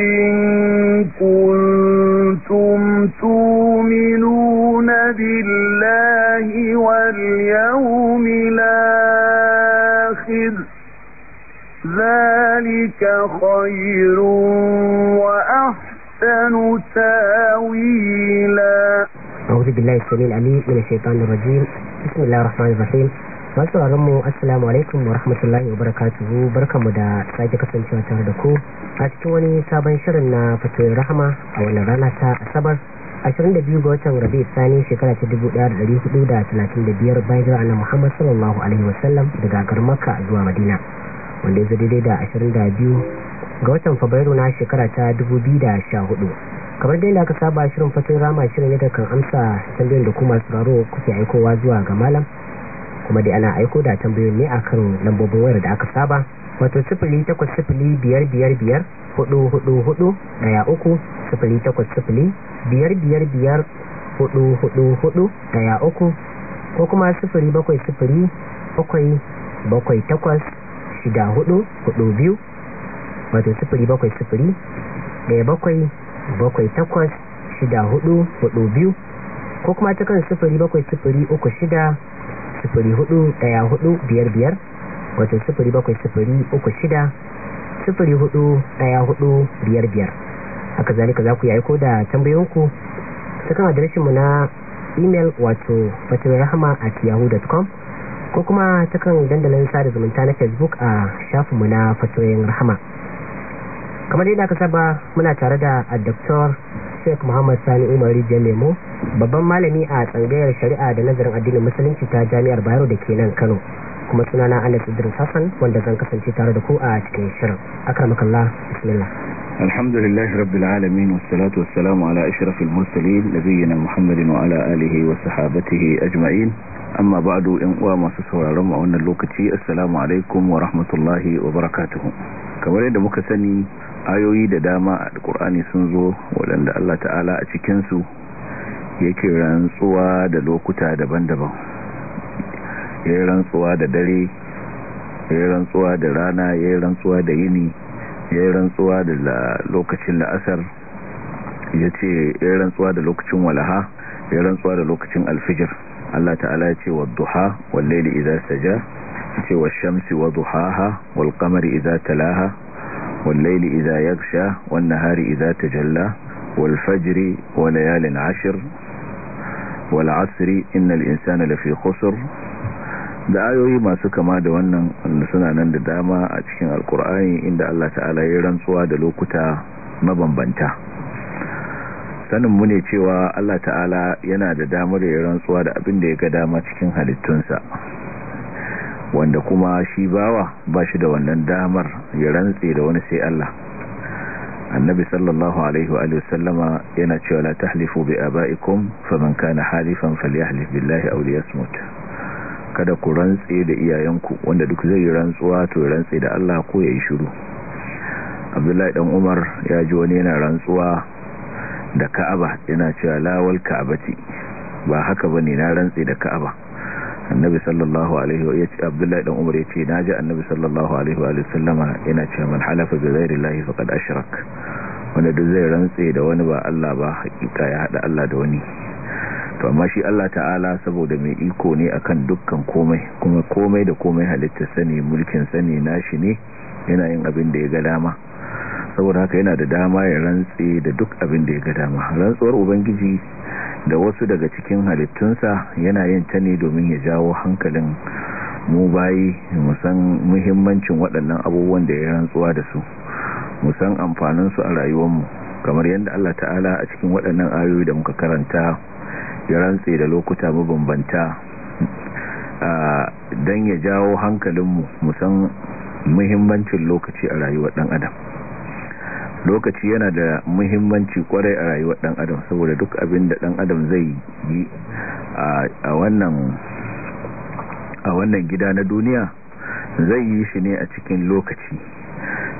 إن كنتم تؤمنون بالله واليوم الآخر ذلك خير وأحسن تاويلا أعوذ بالله السميع العليم من الشيطان الرجيم بسم الله الرحمن الرحيم masu mu assalamu alaikum wa rahmatullahi wa barakatuhu barkanmu da sake kasancewa tare da ku a cikin wani sabon shirin na fito rahama a wannan rana ta asabar 22 ga watan rabi sani shekara ta 1435 bayan jira annabi muhammad sallallahu alaihi wasallam daga garmaka zuwa madina wanda ya daidai da 22 ga watan fabrairu na shekara ta 2014 kamar dai da aka saba shirin fatin rama shirin yadda kan amsa tambayin da kuma sauraro kuke aikowa zuwa ga malam kuma dai ana aiko da tambayoyin ne akan lambobin wayar da aka saba wato sifili takwas sifili biyar biyar biyar hudu hudu hudu daya uku sifili takwas sifili biyar biyar biyar hudu hudu hudu daya uku ko kuma sifili bakwai sifili bakwai bakwai takwas shida hudu hudu biyu wato sifili bakwai sifili daya bakwai bakwai takwas shida hudu hudu biyu ko kuma ta kan bakwai sifili uku shida biyar wato biyar biyar haka zalika za ku yayi aiko da tambayoyinku ta kan adireshinmu na imel wato fatirahama at yahoo.com ko kuma ta kan dandalin sada zumunta na facebook a shafinmu na fatoyin rahama kamar yadda aka saba muna tare da a dr Sheikh Muhammad Sani Umar Rijiyar Lemo babban malami a tsangayar shari'a da nazarin addinin musulunci ta Jami'ar Bayero da ke nan Kano kuma sunana Anas Idris Hassan wanda zan kasance tare da ku a cikin shirin akramakallah bismillah alhamdulillahi rabbil alamin wassalatu wassalamu ala ashrafil mursalin nabiyina Muhammadin wa ala alihi wa sahbatihi ajma'in amma ba ba'du yan uwa masu sauraron mu a wannan lokaci assalamu alaikum wa rahmatullahi wa barakatuhu kamar yadda muka sani ayoyi da dama a alkur'ani sun zo waɗanda Allah ta'ala a cikin su yake rantsuwa da lokuta daban-daban yi rantsuwa da dare yi rantsuwa da rana yi rantsuwa da yini yi rantsuwa da lokacin la'asar yace yi rantsuwa da lokacin walaha yi rantsuwa da lokacin alfijir Allah ta'ala ya ce wa duha wal layli idza saja ce wa shamsi wa duhaha wal qamari idza talaha wal layli idza yaghsha hari nahari idza tajalla wal fajri wa layalin ashr wal asri innal insana lafi khusr da ayoyi masu kama da wannan suna nan da dama a cikin alkur'ani inda Allah ta'ala ya rantsuwa da lokuta mabambanta sanin mu ne cewa Allah ta'ala yana da damar ya rantsuwa da abin da ya ga dama cikin halittunsa wanda kuma shi bawa ba shi da wannan damar ya rantse da wani sai Allah annabi sallallahu alaihi wa sallama yana cewa la tahlifu bi aba'ikum faman kana halifan falyahlif billahi aw liyasmut kada ku rantse da iyayenku wanda duk zai rantsuwa to rantse da Allah ko yayi shiru Abdullahi dan Umar ya ji wani yana rantsuwa da ka'aba yana cewa lawal ka'abati ba haka bane na rantsi da ka'aba annabi sallallahu alaihi wa yace abdullahi dan umar yace naji annabi sallallahu alaihi wa sallama yana cewa man halafa bi ghairi llahi faqad ashrak wanda duk zai rantse da wani ba Allah ba hakika ya hada Allah da wani to amma shi Allah ta'ala saboda mai iko ne akan dukkan komai kuma komai da komai halitta sani mulkin sani nashi ne yana yin abin da ya ga dama saboda haka yana da dama ya rantse da duk abin da ya ga dama rantsuwar ubangiji da wasu daga cikin halittunsa yana yin ta ne domin ya jawo hankalin mu bayi musan muhimmancin waɗannan abubuwan da ya rantsuwa da su musan su a rayuwarmu kamar yadda Allah ta'ala a cikin waɗannan ayoyi da muka karanta ya rantse da lokuta mabambanta don ya jawo hankalin mu musan muhimmancin lokaci a rayuwar ɗan adam lokaci yana da muhimmanci kwarai a rayuwar dan adam saboda duk abin da dan adam zai yi a wannan a wannan gida na duniya zai yi shi ne a cikin lokaci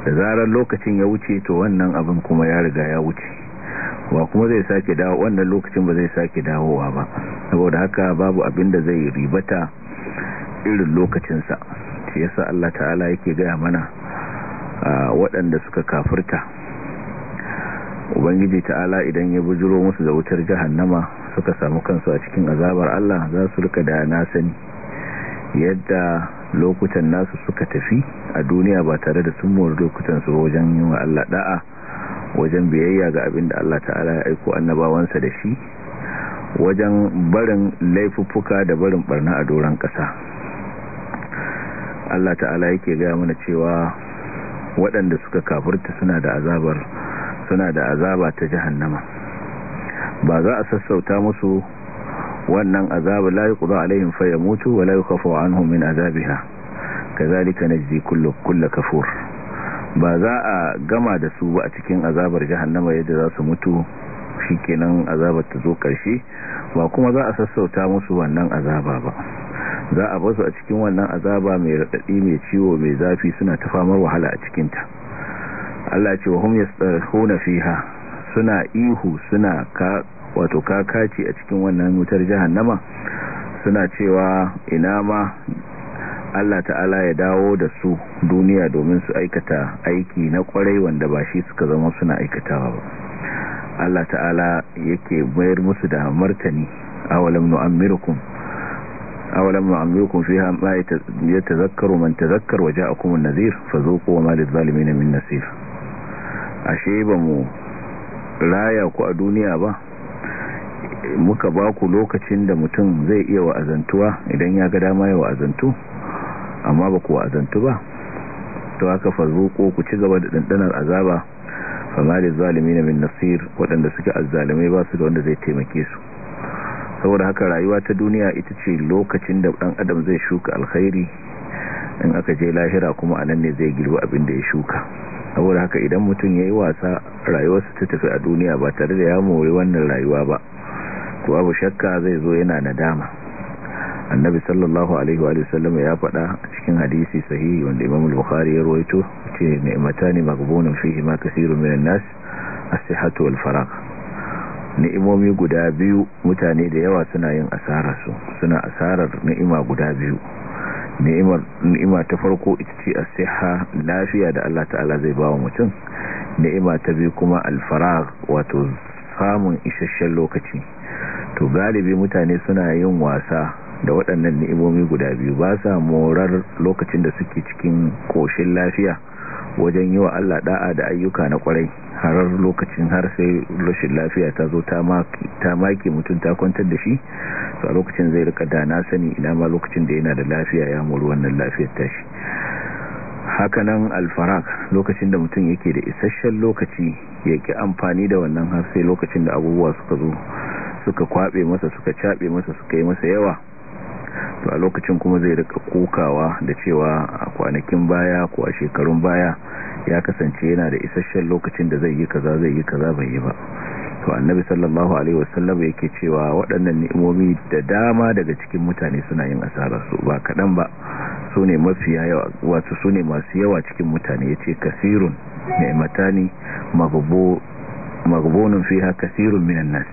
da zarar lokacin ya wuce to wannan abin kuma ya riga ya wuce wa kuma zai sake dawo wannan lokacin ba zai sake dawowa ba saboda haka babu abin da zai ribata irin lokacinsa shi yasa Allah ta'ala yake gaya mana waɗanda suka kafirta ubangiji ta'ala idan ya bujuro musu da wutar jahannama suka samu kansu a cikin azabar Allah za su rika da na sani yadda lokutan nasu suka tafi a duniya ba tare da sun mori lokutan su wajen yi wa Allah da'a wajen biyayya ga abin da Allah ta'ala ya aiko annabawansa da shi wajen barin laifuffuka da barin barna a doron ƙasa Allah ta'ala yake gaya mana cewa waɗanda suka kafurta suna da azabar suna da azaba ta jahannama ba za a sassauta musu wannan azaba la yuqda alaihim fayamutu wa la yukhafu anhum min azabiha kazalika najzi kullu kullu kafur ba za a gama da su ba a cikin azabar jahannama yadda za su mutu kenan azabar ta zo karshe ba kuma za a sassauta musu wannan azaba ba za a basu a cikin wannan azaba mai raɗaɗi mai ciwo mai zafi suna ta famar wahala a cikinta Allah ce wa hum yastarkhuna fiha suna ihu suna ka wato kakaci a cikin wannan wutar jahannama suna cewa ina ma Allah ta'ala ya dawo da su duniya domin su aikata aiki na kwarai wanda ba shi suka zama suna aikatawa ba Allah ta'ala yake bayar musu da martani awalam nu'ammirukum awalam nu'ammirukum fiha ma yatazakkaru man tazakkara waja'akum an-nadhir fazuqu ma lidh-dhalimin min nasir ashe ba mu raya ku a duniya ba muka ba ku lokacin da mutum zai iya wa'azantuwa idan ya ga dama ya wa'azantu amma ba ku wa'azantu ba to haka ko ku ci gaba da dandanar azaba fama da zalimi na min nasir waɗanda suke azalimai ba su da wanda zai taimake su saboda haka rayuwa ta duniya ita ce lokacin da ɗan adam zai shuka alkhairi in aka je lahira kuma a nan ne zai girba abin da ya shuka saboda haka idan mutum ya yi wasa rayuwarsa ta tafi a duniya ba tare da ya mori wannan rayuwa ba to abu shakka zai zo yana nadama annabi sallallahu alaihi wa sallam ya faɗa cikin hadisi sahihi wanda imam bukhari ya rawaito ce ni'matani magbuna fihi ma min an nas as-sihhatu wal faraq ni'imomi guda biyu mutane da yawa suna yin asarar su suna asarar ni'ima guda biyu ni'ima ta farko ita ce a siha lafiya da Allah ta'ala zai ba wa mutum ni'ima ta biyu kuma alfara wato samun isasshen lokaci to galibi mutane suna yin wasa da waɗannan ni'imomi guda biyu ba sa morar lokacin da suke cikin koshin lafiya wajen yi wa Allah da'a da ayyuka na ƙwarai. harar lokacin har sai rashin lafiya ta zo ta maki mutum ta kwantar da shi a lokacin zai rika da na sani ina ma lokacin da yana da lafiya ya muru wannan lafiyar tashi hakanan alfarak lokacin da mutum yake da isasshen lokaci yake amfani da wannan har sai lokacin da abubuwa suka zo suka kwabe masa suka caɓe masa suka yi masa yawa to a lokacin kuma zai rika kokawa da cewa a kwanakin baya ko a shekarun baya ya kasance yana da isasshen lokacin da zai yi kaza zai yi kaza bai yi ba to annabi sallallahu alaihi wasallam yake cewa waɗannan ni'imomi da dama daga cikin mutane suna yin asara su ba kaɗan ba su ne yawa wato su masu yawa cikin mutane yace kasirun ni'matani maghbunun fiha kasirun minan nas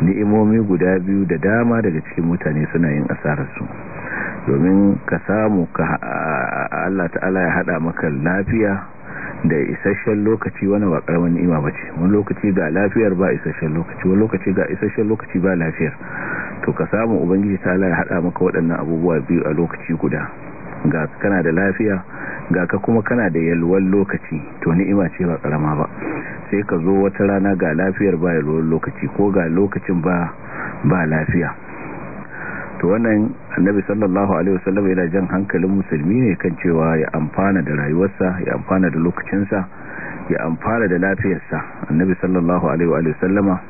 ni'imomi guda biyu da dama daga cikin mutane suna yin asararsu domin ka samu ka Allah ta'ala ya hada maka lafiya da isasshen lokaci wani ba karamin ni'ima bace wani lokaci ga lafiyar ba isasshen lokaci wani lokaci ga isasshen lokaci ba lafiyar to ka samu ubangiji ta'ala ya hada maka waɗannan abubuwa biyu a lokaci guda ga kana da lafiya ga ka kuma kana da yalwar lokaci to ni'ima ce ba karama ba sai ka zo wata rana ga lafiyar ba yalwan lokaci ko ga lokacin ba ba lafiya to wannan annabi sallallahu alaihi wasallam yana jan hankalin musulmi ne kan cewa ya amfana da rayuwarsa ya amfana da lokacinsa ya amfana da lafiyarsa annabi sallallahu alaihi wa sallama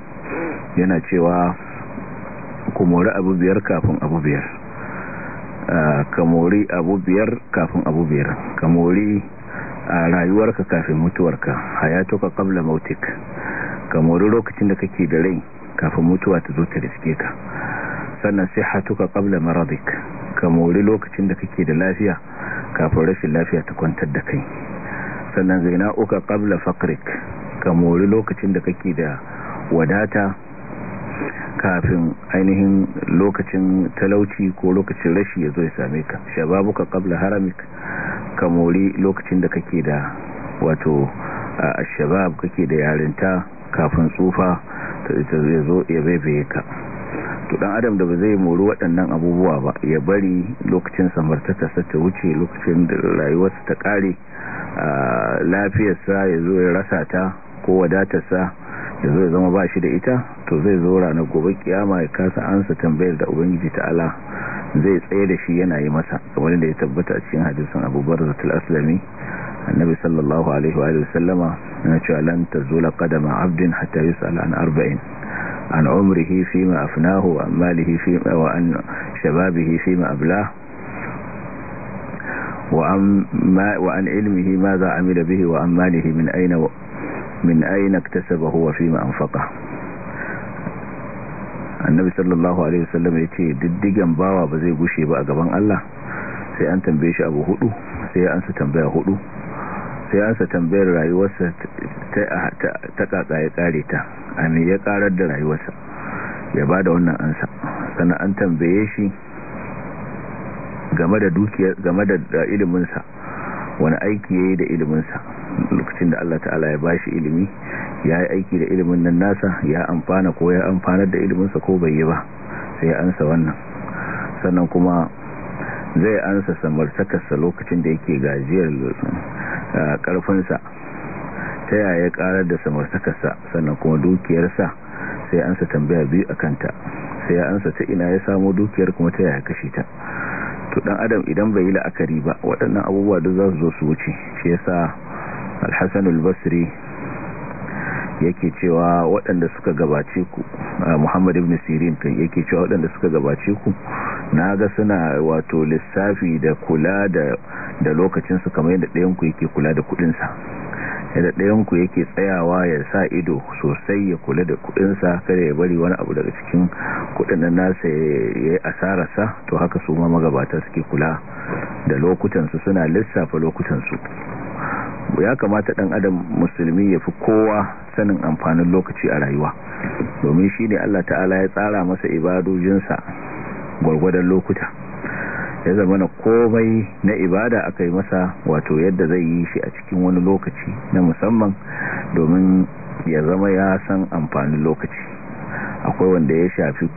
yana cewa ku mori abu biyar kafin abu biyar kamori abu biyar kafin abu biyar kamori a rayuwarka kafin mutuwarka ka qabla mautik kamori lokacin da kake da rai kafin mutuwa ta zo ta riske ka sannan ka qabla maradik kamori lokacin da kake da lafiya kafin rashin lafiya ta kwantar da kai sannan uka qabla fakrik kamori lokacin da kake da wadata kafin ainihin lokacin talauci ko lokacin rashi ya zo ya same ka shababu ka kabla haramik ka mori lokacin da kake da wato a shabab kake da yarinta kafin tsufa ta zo ya bebe ka to dan adam da ba zai mori waɗannan abubuwa ba ya bari lokacin samartakasa ta wuce lokacin da rayuwarsa ta ƙare lafiyarsa ya zo ya rasa ta ko wadatarsa da zai zama ba shi da ita to zai zo ranar gobe kiyama ya kasa ansa tambayar da ubangiji ta ala zai tsaye da shi yana yi masa kamar da ya tabbata a cikin hadisin abubuwar zatul aslami annabi sallallahu alaihi wa sallama na cewa lan tazula qadama abdin hatta yus'al an arba'in an umrihi fima afnahu wa an malihi fima wa an shababihi fima ablah wa an ilmihi ma za amila bihi wa an malihi min aina min أين iktasabahu wa fima anfaqa annabi sallallahu alaihi wasallam yace diddigan bawa ba zai gushe ba a gaban Allah sai an tambaye shi abu hudu sai an sa hudu sai an sa tambayar rayuwarsa ta kaka ya kare ta amin ya karar da rayuwarsa ya bada wannan ansa sannan an tambaye shi game da dukiyar game da iliminsa wani aiki ya yi da ilminsa lokacin da Allah ta'ala ya ba shi ilimi ya yi aiki da ilimin nan nasa ya amfana ko ya amfanar da iliminsa ko bai yi ba sai ya ansa wannan sannan kuma zai ansa samartakarsa lokacin da yake gajiyar karfinsa ta yaya karar da samartakarsa sannan kuma dukiyarsa sai ansa tambaya biyu a kanta sai ya ansa ta ina ya samo dukiyar kuma ta yaya kashe ta to dan adam idan bai yi la'akari ba waɗannan abubuwa duk za su zo su wuce shi yasa al-hasan al-basri yake cewa waɗanda suka gabace ku Muhammad ibn Sirin kan yake cewa waɗanda suka gabace ku na ga suna wato lissafi da kula da da kamar yadda ɗayan ku yake kula da kuɗinsa. da ɗayanku yake tsayawa ya sa ido sosai ya kula da kudinsa kada ya bari wani abu daga cikin kudin nasa ya yi asararsa to haka su ma magabata suke kula da lokutansu suna lissafa lokutansu ya kamata ɗan adam musulmi ya fi kowa sanin amfanin lokaci a rayuwa domin shi ne allah ta'ala ya tsara masa ibadojinsa gwargwadon lokuta ya zama na komai na ibada aka yi masa wato yadda zai yi shi a cikin wani lokaci na musamman domin ya zama ya san amfanin lokaci akwai wanda ya shafi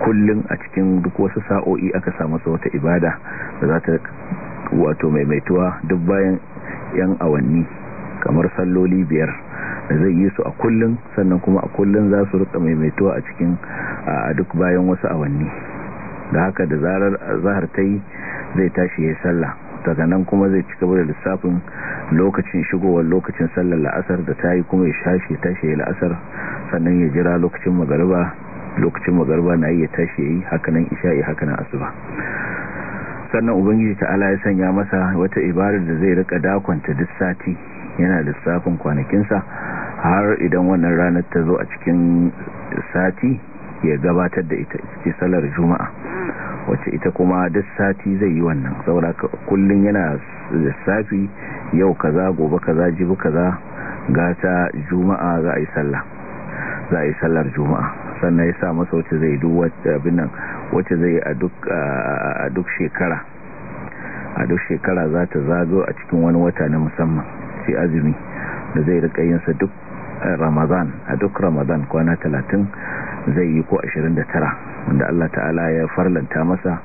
kullum a cikin duk wasu sa'o'i aka samu wata ibada da za ta wato maimaituwa duk bayan yan awanni kamar salloli biyar da zai yi su a kullum sannan kuma a kullum za su rika maimaituwa a cikin a duk bayan wasu awanni da haka da zarar zahar ta yi zai tashi ya sallah daga nan kuma zai ci gaba da lissafin lokacin shigowar lokacin sallar la'asar da ta yi kuma ya shashi tashi ya la'asar sannan ya jira lokacin magarba lokacin magarba na iya tashi ya yi hakanan isha'i hakanan asuba sannan ubangiji ta ala ya sanya masa wata ibarar da zai rika dakonta duk sati yana lissafin kwanakinsa har idan wannan ranar ta zo a cikin sati ya gabatar da ita ce salar juma'a wacce ita kuma duk sati zai yi wannan saboda kullun yana lissafi yau kaza gobe kaza jibi kaza gata juma'a za a yi sallah za a yi sallar juma'a sannan ya sa masa wacce zai duk abin nan wacce zai a duk shekara a duk shekara za ta zago a cikin wani wata na musamman sai azumi da zai rika yinsa duk Eh, ramadan a duk ramadan kwana talatin zai yi ko ashirin da tara wanda allah ta'ala ya farlanta masa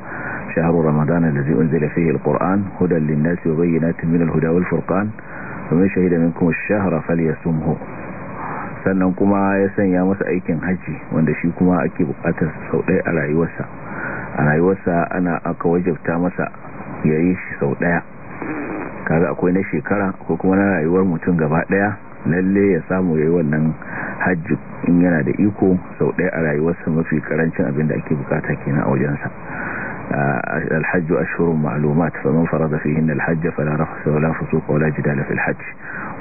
shaharu ramadan allazi unzila fihi alquran hudan linnasi wa bayyinatin min alhuda wal furqan faman shahida minkum ash-shahra falyasumhu sannan kuma ya sanya masa aikin hajji wanda shi kuma ake bukatar sau ɗaya a rayuwarsa a rayuwarsa ana aka wajabta masa yayi shi sau ɗaya kaga akwai na shekara ko kuma na rayuwar mutum gaba ɗaya lalle ya samu yayi wannan hajji in yana da iko sau ɗaya a rayuwarsa mafi karancin abinda da ake bukata kenan a wajensa الحج أشهر معلومات فمن فرض فيهن الحج فلا رخص ولا فسوق ولا جدال في الحج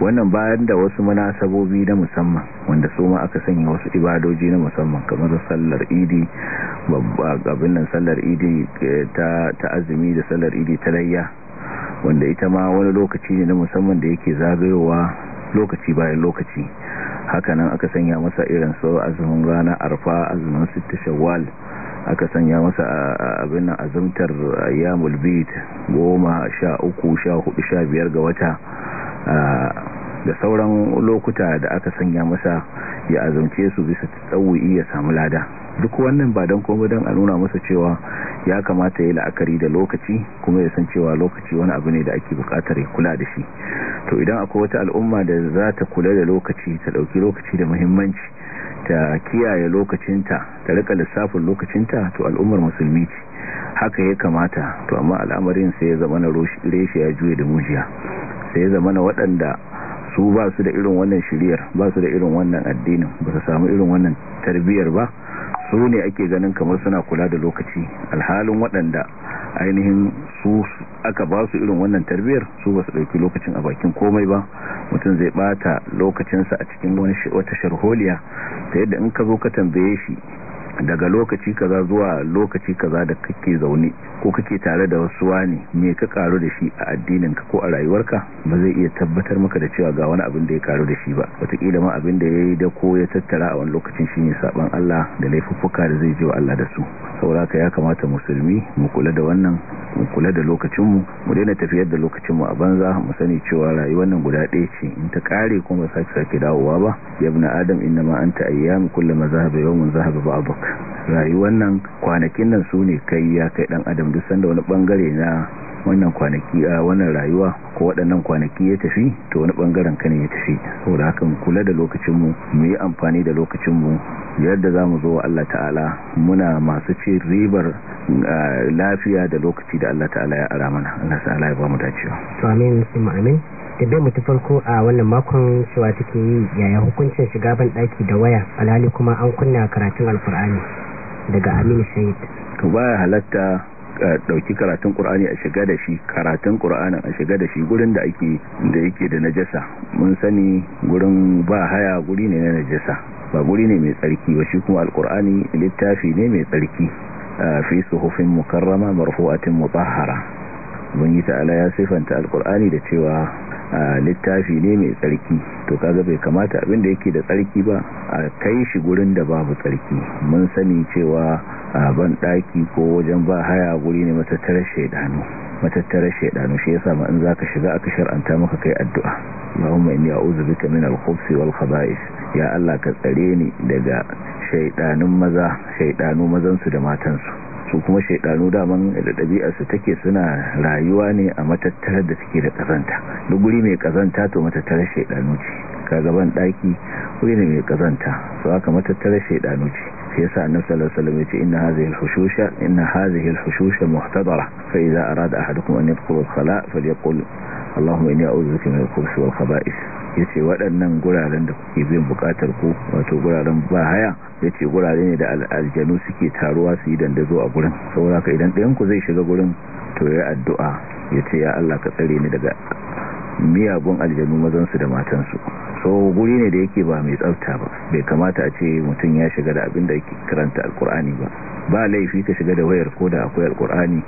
wannan bayan da wasu munasabobi na musamman wanda su ma aka sanya wasu ibadoji na musamman kamar sallar idi abin nan sallar idi eh, ta azumi da sallar idi ta layya wanda ita ma wani lokaci ne na musamman da yake zagayowa lokaci bayan lokaci hakanan aka sanya masa irin su azumin rana arfa azumin sitta shawwal aka sanya masa abin azumtar yamul bid goma sha uku sha hudu sha biyar ga wata da sauran lokuta da aka sanya masa ya azumce su bisa tsawi ya samu lada duk wannan ba don kuma don a nuna masa cewa ya kamata ya la'akari da lokaci kuma ya san cewa lokaci wani abu ne da ake bukatar ya kula da shi to idan akwai wata al'umma da za ta kula da lokaci ta ɗauki lokaci da muhimmanci ta kiyaye lokacinta ta rika lissafin lokacinta to al'ummar musulmi ce haka ya kamata to amma al'amarin sai ya zama na reshe ya juye da mujiya sai ya zama na waɗanda su ba su da irin wannan shiriyar ba su da irin wannan addinin ba su samu irin wannan tarbiyyar ba su ne ake ganin kamar suna kula da lokaci alhalin waɗanda ainihin su aka ba su irin wannan tarbiyyar su ba su ɗauki lokacin a bakin komai ba mutum zai ɓata lokacinsa a cikin wata sharholiya ta yadda in ka zo ka tambaye shi daga lokaci kaza zuwa lokaci kaza da kake zaune ko kake tare da wasu wani me ka karu da shi a addinin ka ko a rayuwarka ba zai iya tabbatar maka da cewa ga wani abin da ya karu da shi ba wataƙila ma abin da ya yi da ko ya tattara a wani lokacin shine ne Allah da laifuffuka da zai je wa Allah da su ka ya kamata musulmi mu kula da wannan mu kula da lokacinmu mu daina tafiyar da lokacinmu a banza mu sani cewa rayuwar nan guda ɗaya ce in ta kare kuma sake sake dawowa ba yabna adam inna ma anta ayyam kullama zahaba yawmun zahaba baka. rayuwar nan kwanakin nan su ne kai ya kai dan adam duk sanda wani bangare na wannan kwanaki a wannan rayuwa ko waɗannan kwanaki ya tafi to wani bangaren ka ne ya tafi saboda hakan kula da lokacinmu mu yi amfani da lokacinmu yadda za mu zo wa Allah ta'ala muna masu ce ribar lafiya da lokaci da Allah ta'ala ya ara mana Allah ta'ala ya ba mu dacewa amin amin tabbai mu ta farko a wannan makon cewa take yi yaya hukuncin shiga ban daki da waya alhali kuma an kunna karatun alkur'ani daga Aminu shahid ka baya halatta dauki karatun qur'ani a shiga da shi karatun qur'anin a shiga da shi gurin da ake da yake da najasa mun sani gurin ba haya guri ne na najasa ba guri ne mai tsarki ba shi kuma alkur'ani littafi ne mai tsarki fi suhufin mukarrama marfu'atin mutahhara yi ta'ala ya sifanta alkur'ani da cewa littafi ne mai tsarki to kaga bai kamata abin da yake da tsarki ba a kai shi gurin da babu tsarki mun sani cewa ban daki ko wajen ba haya guri ne matattara shaidanu matattarar shaidanu shi yasa ma in zaka shiga aka shar'anta maka kai addu'a Allahumma inni a'udhu bika min al-khubuthi wal khaba'is ya Allah ka tsare ni daga shaidanun maza shaidanu mazan su da matansu. su kuma shaidanu daman da ɗabi'arsu take suna rayuwa ne a matattarar da suke da ƙazanta duk guri mai ƙazanta to matattarar shekaru ce ka gaban ɗaki guri ne mai ƙazanta su haka matattarar shekaru ce sai yasa annabi sallallahu alaihi wasallam yace inna hadhihi al-hushusha inna hadhihi al-hushusha muhtadara fa idza arada ahadukum an yadkhula al-khala' falyaqul allahumma inni a'udhu bika min al-khubuthi wal khaba'ith yace waɗannan guraren da kuke biyan buƙatar ku wato guraren ba haya yace gurare ne da aljanu suke taruwa su yi dandazo a gurin saboda ka idan ɗayan ku zai shiga gurin to ya addu'a yace ya Allah ka tsare ni daga miyagun aljanu mazansu da matansu so guri ne da yake ba mai tsafta ba bai kamata a ce mutum ya shiga da abin da yake karanta alkur'ani ba ba laifi ka shiga da wayar ko da akwai alkur'ani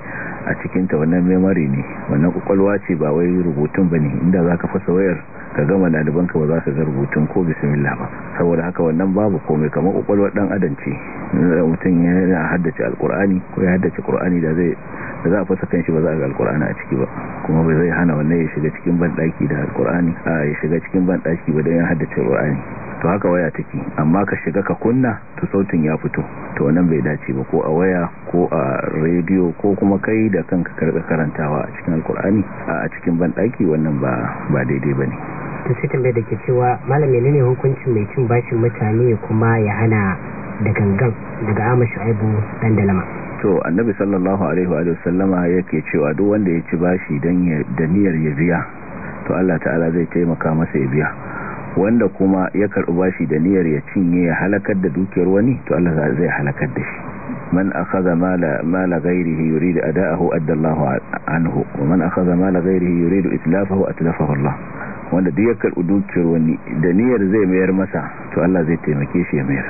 a cikinta wannan memory ne wannan kwakwalwa ce ba wai rubutun ba ne inda za ka fasa wayar ka gama ɗalibanka ba za ka ga rubutun ko bismillah ba saboda haka wannan babu komai kamar kwakwalwar dan adam ce mutum ya haddace alkur'ani ko ya haddace kur'ani da zai da za a fasa kan shi ba za a ga alkur'ani a ciki ba kuma ba zai hana wannan ya shiga cikin banɗaki da alkur'ani a ya shiga cikin banɗaki ba don ya haddace alkur'ani to haka waya take amma ka shiga ka kunna to sautin ya fito to wannan bai dace ba ko a waya ko a rediyo ko kuma kai da kanka karɓi karantawa a cikin alkur'ani a cikin banɗaki wannan ba ba daidai ba ne to sai tambayar da ke cewa malam ne hukuncin mai cin bashin mutane kuma ya hana da gangan daga amashu aibu dan dalama to annabi sallallahu alaihi wa sallama yake cewa duk wanda ya ci bashi dan da niyyar ya biya to Allah ta'ala zai taimaka masa ya biya wanda kuma ya karɓi bashi da niyyar ya cinye ya halakar da dukiyar wani to Allah zai halakar da shi man akhadha mala mala ghayrihi yuridu ada'ahu adda Allahu anhu wa man akhadha mala ghayrihi yuridu itlafahu atlafahu Allah wanda duk ya karɓi dukiyar wani da niyyar zai mayar masa to Allah zai taimake shi ya mayar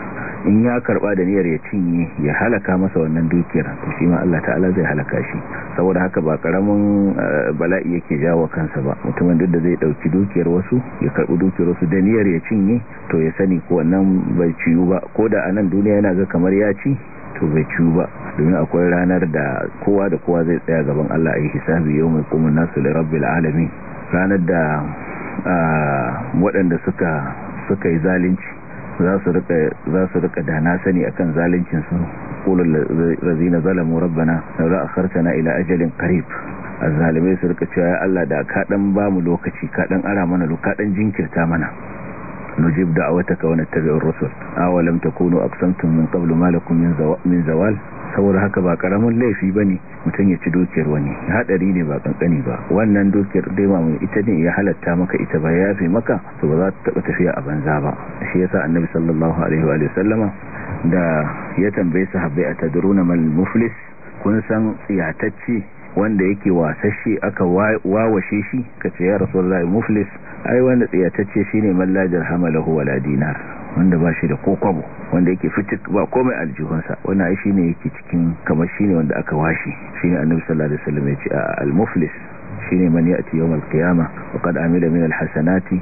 in ya karba da niyyar ya cinye ya halaka masa wannan dukiyar to shi ma Allah ta'ala zai halaka shi saboda haka ba karamin eh, bala'i yake jawo kansa ba mutumin duk da zai dauki dukiyar wasu ya karbi dukiyar wasu da niyyar ya cinye to ya sani ko wannan bai ciyu ba ko da a duniya yana ga kamar ya ci to bai ciyu ba domin akwai ranar da kowa da kowa zai tsaya gaban Allah a yi hisabi yau mai kuma nasu da rabbil alamin ranar da waɗanda suka suka yi zalunci za su rika da na dana sani akan zaluncin su qulul razina zalamu rabbana a akhartana ila ajalin a azzalimai su rika cewa ya Allah da kaɗan ba mu lokaci kaɗan ara mana lokaɗan jinkirta mana nujib da'awataka wa nattabi'ur rusul aw lam takunu aqsamtum min qablu ma lakum min zawal saboda haka ba karamin laifi bane mutun ya ci dukiyar wani hadari ne ba kankani ba wannan dukiyar dai ma ita ne ya halatta maka ita ba yafi maka to ba za ta taba tafiya a banza ba shi yasa annabi sallallahu alaihi wa sallama da ya tambaye sahabbai atadruna mal muflis kun san tsiyatacce wanda yake wasashe aka wawashe shi kace ya rasulullahi muflis ai wanda tsayatacce shine ne la hamala lahu wala dinar wanda ba shi da kokobo wanda yake fitik ba komai aljihunsa wannan ai shine yake cikin kamar shine wanda aka washe shine annabi sallallahu alaihi wasallam ya ce al muflis shine man ya'ti yawm al qiyamah wa qad amila min al hasanati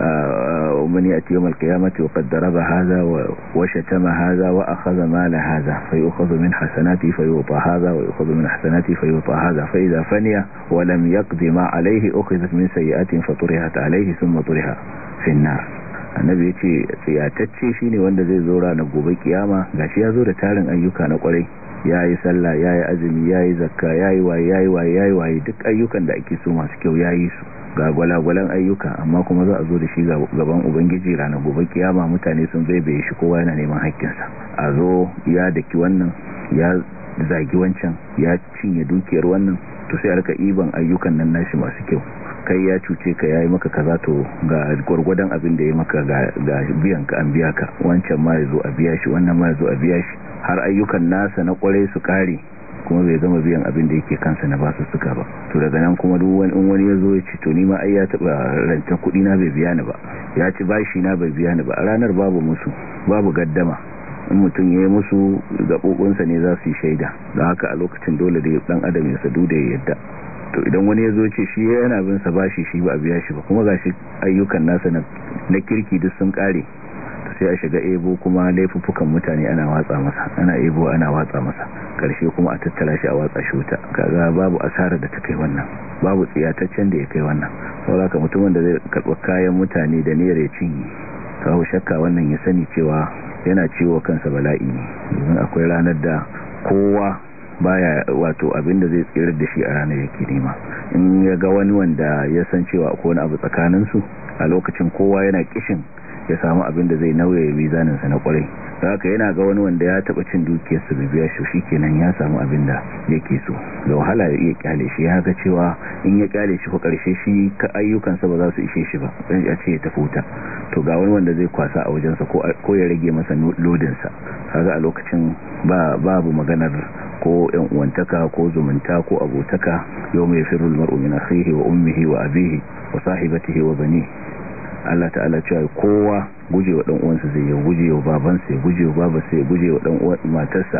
آه، ومن يأتي يوم القيامة وقد ضرب هذا وشتم هذا وأخذ مال هذا فيؤخذ من حسناتي فيوطى هذا ويؤخذ من حسناتي فيوطى هذا فإذا فني ولم يقضي ما عليه أخذت من سيئات فطرحت عليه ثم طرح في النار النبي يا تتشي شيني وانا زي زورا نقوبي قيامة لاشي زورة تالا أيوكا نقولي yayi sallah yayi azumi yayi zakka yayi wai yayi wai yayi wai duk ayyukan da ake so masu kyau yayi su ga gwalagwalan ayyuka amma kuma za a zo da shi gaban ubangiji ranar gobe kiyama mutane sun baibaye shi kowa yana neman haƙƙinsa a zo ya daki wannan ya zagi wancan ya cinye dukiyar wannan to sai alka iban ayyukan nan nashi masu kyau kai ya cuce ka yayi maka kaza to ga gwargwadon abin da ya maka ga biyan ka an biya ka wancan ma ya zo a biya shi wannan ma ya zo a biya shi har ayyukan nasa na kwarai su kare kuma bai zama biyan abin da yake kansa na basu suka ba to daga nan kuma duk wani wani ya zo ya ci to ni ma ai ya taba ranta kudi na bai biya ni ba ya ci bashi na bai biya ni ba ranar babu musu babu gaddama in mutum ya yi musu gaɓoɓinsa ne za su yi shaida da haka a lokacin dole da ɗan adam ya sadu da ya yadda to idan wani ya zo ce shi yana bin sa bashi shi ba a biya shi ba kuma gashi ayyukan nasa na kirki duk sun kare sai a shiga ebo kuma laifuffukan mutane ana watsa masa ana ebo ana watsa masa karshe kuma a tattara shi a watsa shi wuta kaga babu asara da ta kai wannan babu tsiyataccen da ya kai wannan saboda ka mutumin da zai karɓa kayan mutane da niyyar ya cinye kawo shakka wannan ya sani cewa yana ciwo kansa bala'i ne domin akwai ranar da kowa baya wato abin da zai tsirar da shi a ranar yake nema in ya ga wani wanda ya san cewa akwai wani abu tsakaninsu a lokacin kowa yana kishin ya samu abin da zai nauye mizaninsa na kwarai da haka yana ga wani wanda ya taba cin dukiyarsa bai biya shi shikenan ya samu abin da yake so da wahala ya iya kyale shi ya ga cewa in ya kyale shi ko karshe shi ka ayyukansa ba za su ishe shi ba zan ya ce ya tafi wuta to ga wani wanda zai kwasa a wajensa ko ya rage masa lodinsa kaga a lokacin ba babu maganar ko yan uwantaka ko zumunta ko abotaka yau mai firul mar'u min akhihi wa ummihi wa abihi wa sahibatihi wa banihi Allah ta'ala cewa kowa gujewa dan uwansa zai guje wa babansa ya gujewa babansa ya dan matarsa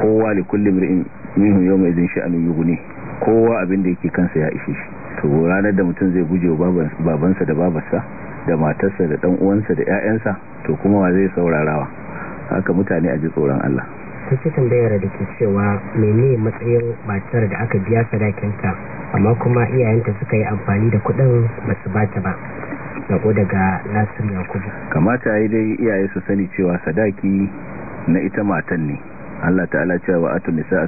kowa li kulli mar'in minhum yawma idhin yughni kowa abin da yake kansa ya ishe shi to ranar da mutum zai guje wa babansa da babarsa da matarsa da dan uwansa da 'ya'yansa to kuma wa zai saurarawa haka mutane a ji tsoron Allah to sai tambayar da ke cewa mene matsayin matar da aka biya sadakinta amma kuma iyayenta suka yi amfani da kuɗin basu bata ba yabo daga nasir yakubu kamata yi dai iyaye su sani cewa sadaki na ita matan ne Allah ta'ala cewa atun nisa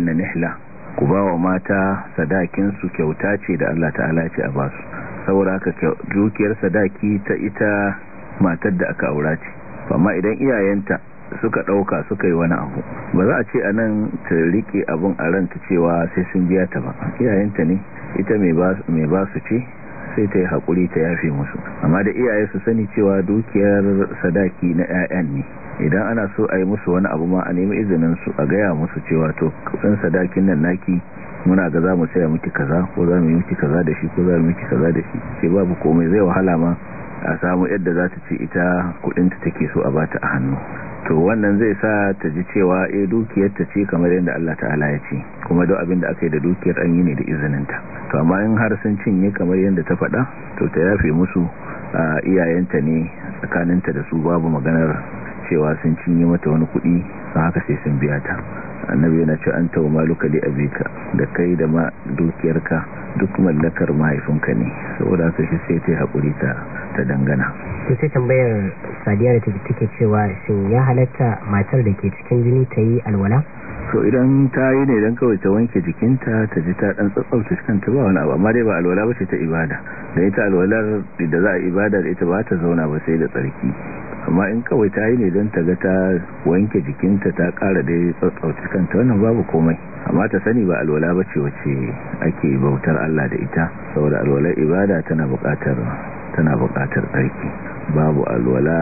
na nihla ku ba wa mata sadakinsu kyauta ce da Allah ta'ala ce a ba su saboda haka dukiyar sadaki ta ita matar da aka aura ce amma idan iyayenta suka ɗauka suka yi wani abu ba za a ce a nan ta riƙe abin a ranta cewa sai sun biya ta ba iyayenta ne ita mai ba su ce sai ta yi haƙuri ta yafe musu amma da iyaye su sani cewa dukiyar sadaki na 'ya'yan ne idan ana so a yi musu wani abu ma a nemi izinin su a gaya musu cewa to kusan sadakin nan naki muna ga za mu saya miki kaza ko za mu yi miki kaza da shi ko za mu yi miki kaza da shi sai babu komai zai wahala ma a samu yadda za ta ce ita kudinta take so a bata a hannu to wannan zai sa ta ji cewa e eh, dukiyar ta ce kamar yadda Allah ta'ala ya ce kuma duk abin da aka yi da dukiyar an yi ne da izininta to amma in har sun cinye kamar yadda ta faɗa to ta yafe musu iyayenta ne tsakaninta da su babu maganar cewa sun cinye mata wani kuɗi don haka sai sun biya ta annabi yana ce an tawo maluka da bika da kai da ma dukiyarka duk mallakar mahaifinka ne saboda haka shi sai ta haƙuri ta dangana sai sai tambayar sadiya da take cewa shin ya halatta matar da ke cikin jini ta yi alwala so idan ta yi ne don kawai ta wanke jikinta ta ji ta dan tsatsauta kanta ba wani abu amma dai ba alwala ba ce ta ibada da ita alwalar da za a ibada da ita ba ta zauna ba sai da tsarki amma in kawai ta yi ne don ta ga ta wanke jikinta ta kara da tsautsauci kanta wannan babu komai amma ta sani ba alwala ba ce wacce ake bautar Allah da ita saboda alwala ibada tana buƙatar tana buƙatar tsarki babu alwala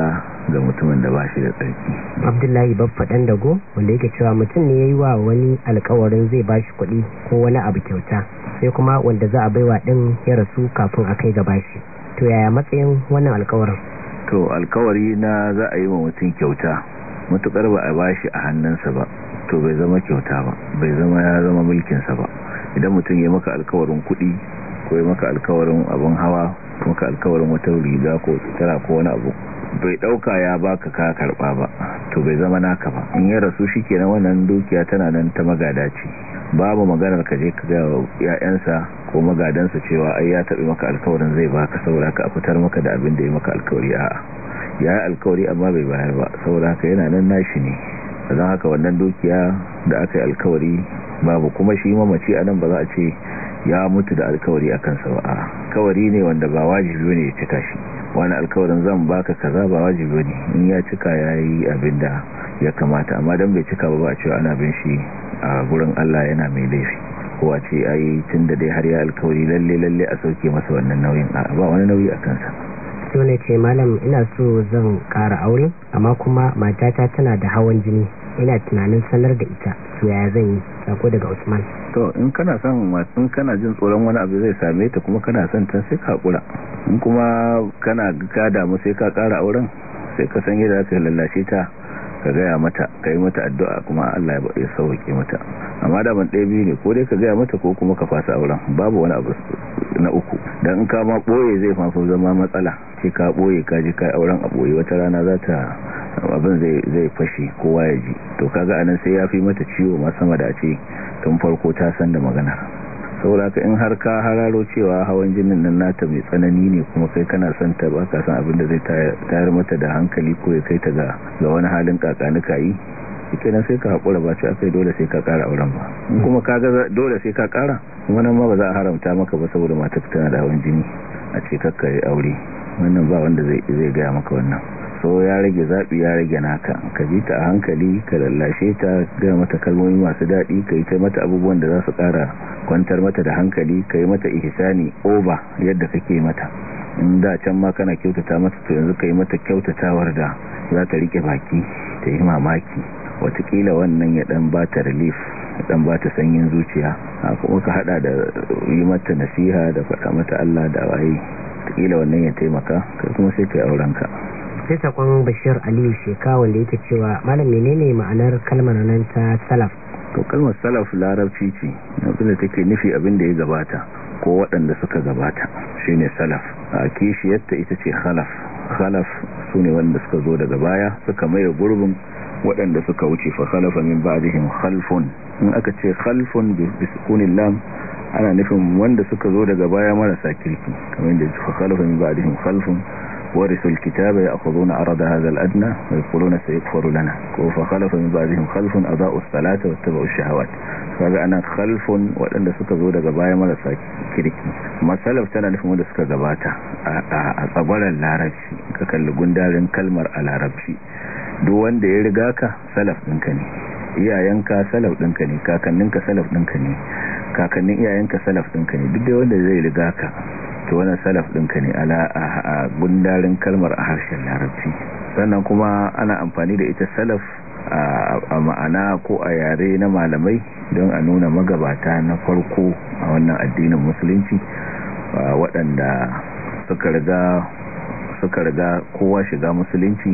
ga mutumin da ba shi da tsarki abdullahi dan dago wanda yake cewa mutum ne ya yi wa wani alkawarin zai ba shi kuɗi ko wani abu kyauta sai kuma wanda za a baiwa ɗin ya rasu kafin a kai ga bashi to yaya matsayin wannan alkawarin to alkawari na za a yi wa mutum kyauta matukar ba a bashi a hannunsa ba to bai zama kyauta ba bai zama ya zama mulkinsa ba idan mutum ya maka alkawarin kuɗi ko ya maka alkawarin abin hawa maka alkawarin wata riga ko tara ko wani abu bai dauka ya baka ka karba ba to bai zama naka ba in ya rasu shikenan wannan dukiya tana nan ta magada ce babu maganar ka je ka ga yayansa ko magadansa cewa ai ya tabi maka alkawarin zai baka saboda ka fitar maka da abin da ya maka alkawari a'a ya alkawari amma bai bayar ba saboda ka yana nan nashi ne dan haka wannan dukiya da aka yi alkawari babu kuma shi mamaci a nan ba za a ce ya mutu da alkawari a sa ba a kawari ne wanda ba wajibi ne ya cika shi wani alkawarin zan baka kaza ba wajibi ne in ya cika yayi abinda ya kamata amma dan bai cika ba ba a cewa ana bin shi a gurin Allah yana mai laifi ko a ce ai tunda dai har ya alkawari lalle lalle a sauke masa wannan nauyin a ba wani nauyi a kansa so ne ce malam ina so zan kara aure amma kuma matata tana da hawan jini ina tunanin sanar da ita su ya zan yi sako daga usman to in kana son masu kana jin tsoron wani abu zai same ta kuma kana son ta sai ka kura in kuma kana ka damu sai ka kara auren sai ka san yadda aka lalace ta ka gaya mata ka yi mata addu'a kuma Allah ya sauke mata amma da ban ɗaya biyu ne ko dai ka gaya mata ko kuma ka fasa auren babu wani abu na uku dan in ka ma ɓoye zai fafo zama matsala ce ka ɓoye ka ji kai auren a ɓoye wata rana za ta abin zai fashe kowa ya ji to ka ga anan sai ya fi mata ciwo ma sama da ce tun farko ta san da magana sauraka in har ka hararo cewa hawan jinin nan nata mai tsanani ne kuma kai kana son ta baka ka san abin da zai tayar mata da hankali ko ya kai ta ga ga wani halin kakanuka yi kenan sai ka haƙura ba ce akai dole sai ka kara auren ba kuma ka ga dole sai ka ƙara wannan ma ba za a haramta maka ba saboda matar tana da hawan jini a ce kakka aure wannan ba wanda zai gaya maka wannan so ya rage zaɓi ya rage naka ka ji ta a hankali ka lallashe ta gaya mata kalmomi masu daɗi ka yi ta mata abubuwan da za su ƙara kwantar mata da hankali ka yi mata ihisani over yadda kake mata in da can ma kana kyautata mata to yanzu ka yi mata kyautatawar da za ta rike baki ta yi mamaki watakila wannan ya ɗan ba ta relief dan ba ta sanyin zuciya kuma ka haɗa da yi mata nasiha da faɗa mata Allah da waye watakila wannan ya taimaka ka kuma sai ka kai aurenka sai sakon bashir aliyu sheka wanda yake cewa malam menene ma'anar kalmar nan ta salaf to kalmar salaf larabci ce abinda take nufi abinda ya gabata ko waɗanda suka gabata shine salaf a kishiyarta ita ce khalaf khalaf su ne wanda suka zo daga baya suka maye gurbin waɗanda suka wuce fa khalafa min ba'dihim khalfun in aka ce khalfun bi sukunin lam ana nufin wanda suka zo daga baya marasa kirki kamar da fa khalafa min ba'dihim khalfun ورثوا الكتاب يأخذون عرض هذا الأدنى ويقولون سيغفر لنا فخلف من بعضهم خلف أضاءوا الصلاة واتبعوا الشهوات kaga ana khalfun waɗanda suka zo daga baya marasa kirki matsalar tana nufin wanda suka gabata a tsabaran larabci ka kalli kalmar a larabci duk wanda ya riga ka salaf ɗinka ne iyayenka salaf ɗinka ne salaf ɗinka ne kakannin ka salaf ɗinka ne duk da wanda zai riga ka to wannan salaf ɗinka ne ala a gundarin kalmar a harshen larabci sannan kuma ana amfani da ita salaf a ma'ana ko a yare na malamai don a nuna magabata na farko a wannan addinin musulunci waɗanda suka riga kowa shiga musulunci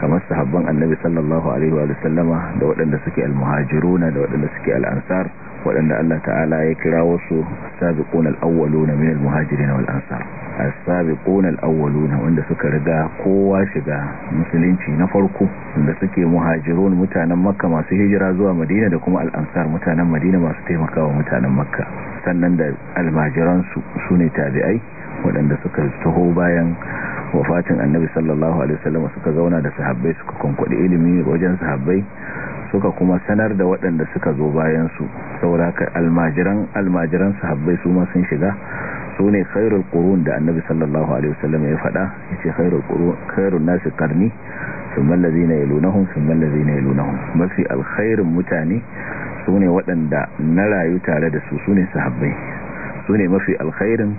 kamar sahabban annabi sallallahu alaihi wa sallama da waɗanda suke al-muhajiru al-muhajiruna da waɗanda suke al-ansar. waɗanda Allah ta'ala ya kira wasu sabiqun al-awwaluna min al-muhajirin wal ansar as-sabiqun al-awwaluna wanda suka riga kowa shiga musulunci na farko da suke muhajirun mutanen makka masu hijira zuwa madina da kuma al-ansar mutanen madina masu taimakawa mutanen makka sannan da almajiran su sune tabi'ai waɗanda suka taho bayan wafatin annabi sallallahu alaihi wasallam suka zauna da sahabbai suka konkwadi ilimi wajen sahabbai suka kuma sanar da waɗanda suka zo bayan su sauraka almajiran almajiran sahabbai su ma sun shiga su ne khairul qurun da annabi sallallahu alaihi wasallam ya faɗa yace khairul qurun khairun nasi qarni thumma allazina yalunhum thumma allazina yalunhum mafi alkhairin mutane su ne waɗanda na rayu tare da su su ne sahabbai su ne mafi alkhairin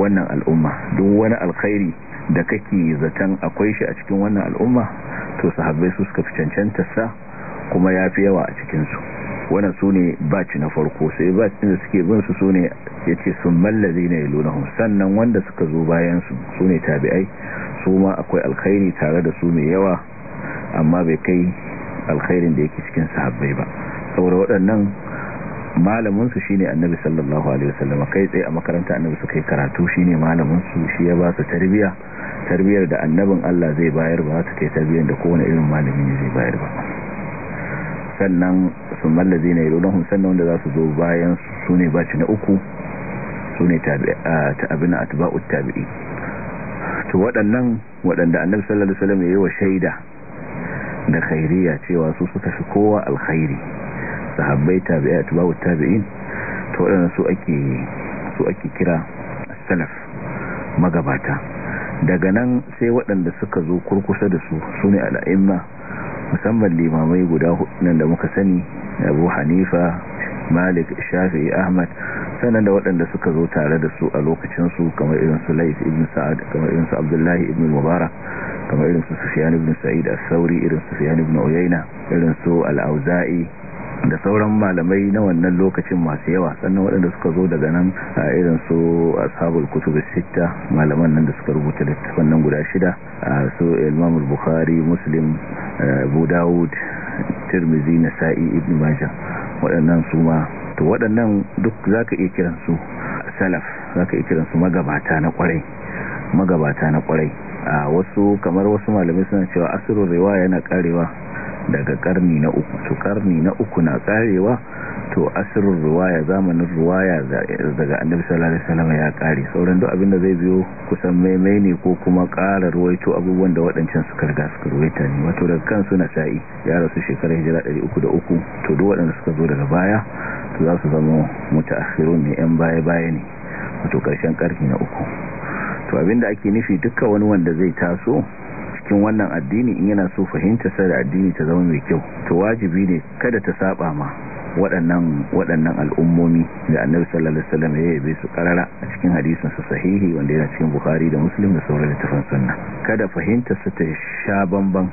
wannan al'umma duk wani alkhairi da kake zaton akwai shi a cikin wannan al'umma to sahabbai su suka fi cancanta sa kuma ya fi yawa a cikinsu wannan su ne baci na farko sai bacin da suke bin su su ne ya ce sun mallazi na ilunahun sannan wanda suka zo bayansu su ne tabi'ai su ma akwai alkhairi tare da su mai yawa amma bai kai alkhairin da yake cikin sahabbai ba saboda waɗannan malaminsu shi ne annabi sallallahu alaihi wasallam kai tsaye a makaranta annabi su kai karatu shi ne malaminsu shi ya ba su tarbiya tarbiyar da annabin allah zai bayar ba ta kai tarbiyar da kowane irin malami ne zai bayar ba sannan su mallaze ne rolahun sannan wanda za su zo bayan su ne ci na uku su ne ta abin atba'ut tabi'i to waɗannan waɗanda annabi sallallahu ala'uwa ya yi wa shaida da khairiya cewa su suka fi kowa alkhairi sahabbai tabi'i atba'ut tabi'in to waɗannan su ake su ake kira salaf magabata daga nan sai waɗanda suka zo kurkusa da su su ne al'imma musamman limamai guda hudunan da muka sani abu hanifa malik shafi'i ahmad sannan da waɗanda suka zo tare da su a lokacinsu kamar irin su lais ibn sa'ad kamar irin su abdullahi ibn mubarak kamar irin su sufyan ibn sa'id as-sauri irin su sufyan ibn uyayna irin su al-auza'i da sauran malamai na wannan lokacin masu yawa sannan waɗanda suka zo daga nan a irin su ashabul kutub sita malaman nan da suka rubuta littafin nan guda shida su imam bukhari muslim abu dawud tirmizi nasa'i ibn majah waɗannan su ma to waɗannan duk zaka iya kiran su salaf zaka iya kiran magabata na kwarai magabata na kwarai a wasu kamar wasu malamai suna cewa asirin riwaya yana karewa daga karni na uku to karni na uku na karewa to asirin ruwaya zamanin ruwaya daga annabi sallallahu alaihi wasallam ya kare sauran duk abinda zai biyo kusan maimai ne ko kuma ƙara to abubuwan da waɗancan suka riga suka ruwaita ne wato daga kan suna sa'i ya rasu shekarar hijira 303 to duk waɗanda suka zo daga baya to za su zama mutaakhirun ne yan baya baya ne wato karshen karni na uku to abinda ake nufi dukkan wani wanda zai taso cikin wannan addini in yana so fahimta sa da addini ta zama mai kyau to wajibi ne kada ta saba ma waɗannan waɗannan al'ummomi da annabi sallallahu alaihi wasallam ya yabe su karara a cikin hadisin sa sahihi wanda yana cikin bukhari da muslim da sauran littafan sunna kada fahimta su ta sha bamban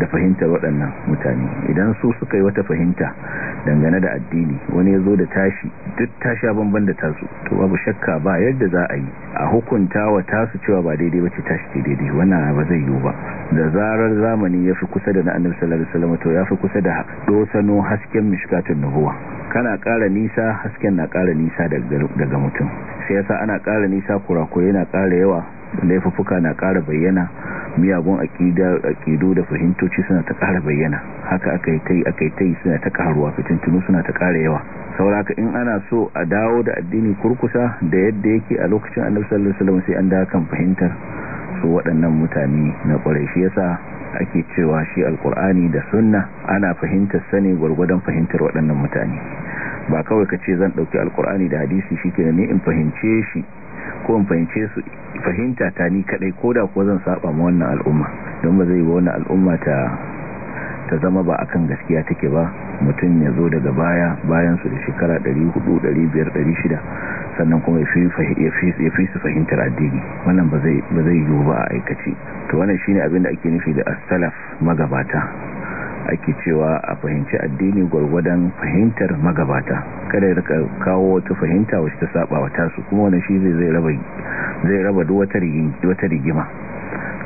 da fahimtar waɗannan mutane idan su suka yi wata fahimta dangane da addini wani ya zo da tashi duk tashi banban da tasu to babu shakka ba yadda za a yi a hukunta wa tasu cewa ba daidai ba ce tashi ce daidai wannan ba zai yiwu ba da zarar zamani ya fi kusa da na'anar annabi salama to ya fi kusa da dosano hasken mishkatun nuhuwa. kana ƙara nisa hasken na ƙara nisa daga mutum sai yasa ana ƙara nisa kurakure na ƙara yawa laifuffuka na ƙara bayyana miyagun aƙido da fahimtoci suna ta ƙara bayyana haka aka yi ta yi aka yi ta yi suna ta ƙaruwa fitintunu suna ta ƙara yawa sauraka in ana so a dawo da addini kurkusa da yadda yake a lokacin annabi sallallahu sai an da kan fahimtar su waɗannan mutane na ƙwarai shi yasa ake cewa shi alƙur'ani da sunna ana fahimtar sani gwargwadon fahimtar waɗannan mutane ba kawai ka ce zan ɗauki alƙur'ani da hadisi shi ke ne in fahimce shi ko in fahimce su fahimta ta ni kadai da ko zan saba ma wannan al'umma don ba zai ba wannan al'umma ta ta zama ba akan gaskiya take ba mutum ya zo daga baya bayan su da shekara 400 500 sannan kuma ya fi su fahimtar addini wannan ba zai yiwu ba a aikace to wannan shine abin da ake nufi da as-salaf magabata ake cewa a fahimci addini gwargwadon fahimtar magabata kada ya rika kawo wata fahimta wacce ta saba wa tasu kuma wani shi zai raba zai raba duwata wata rigima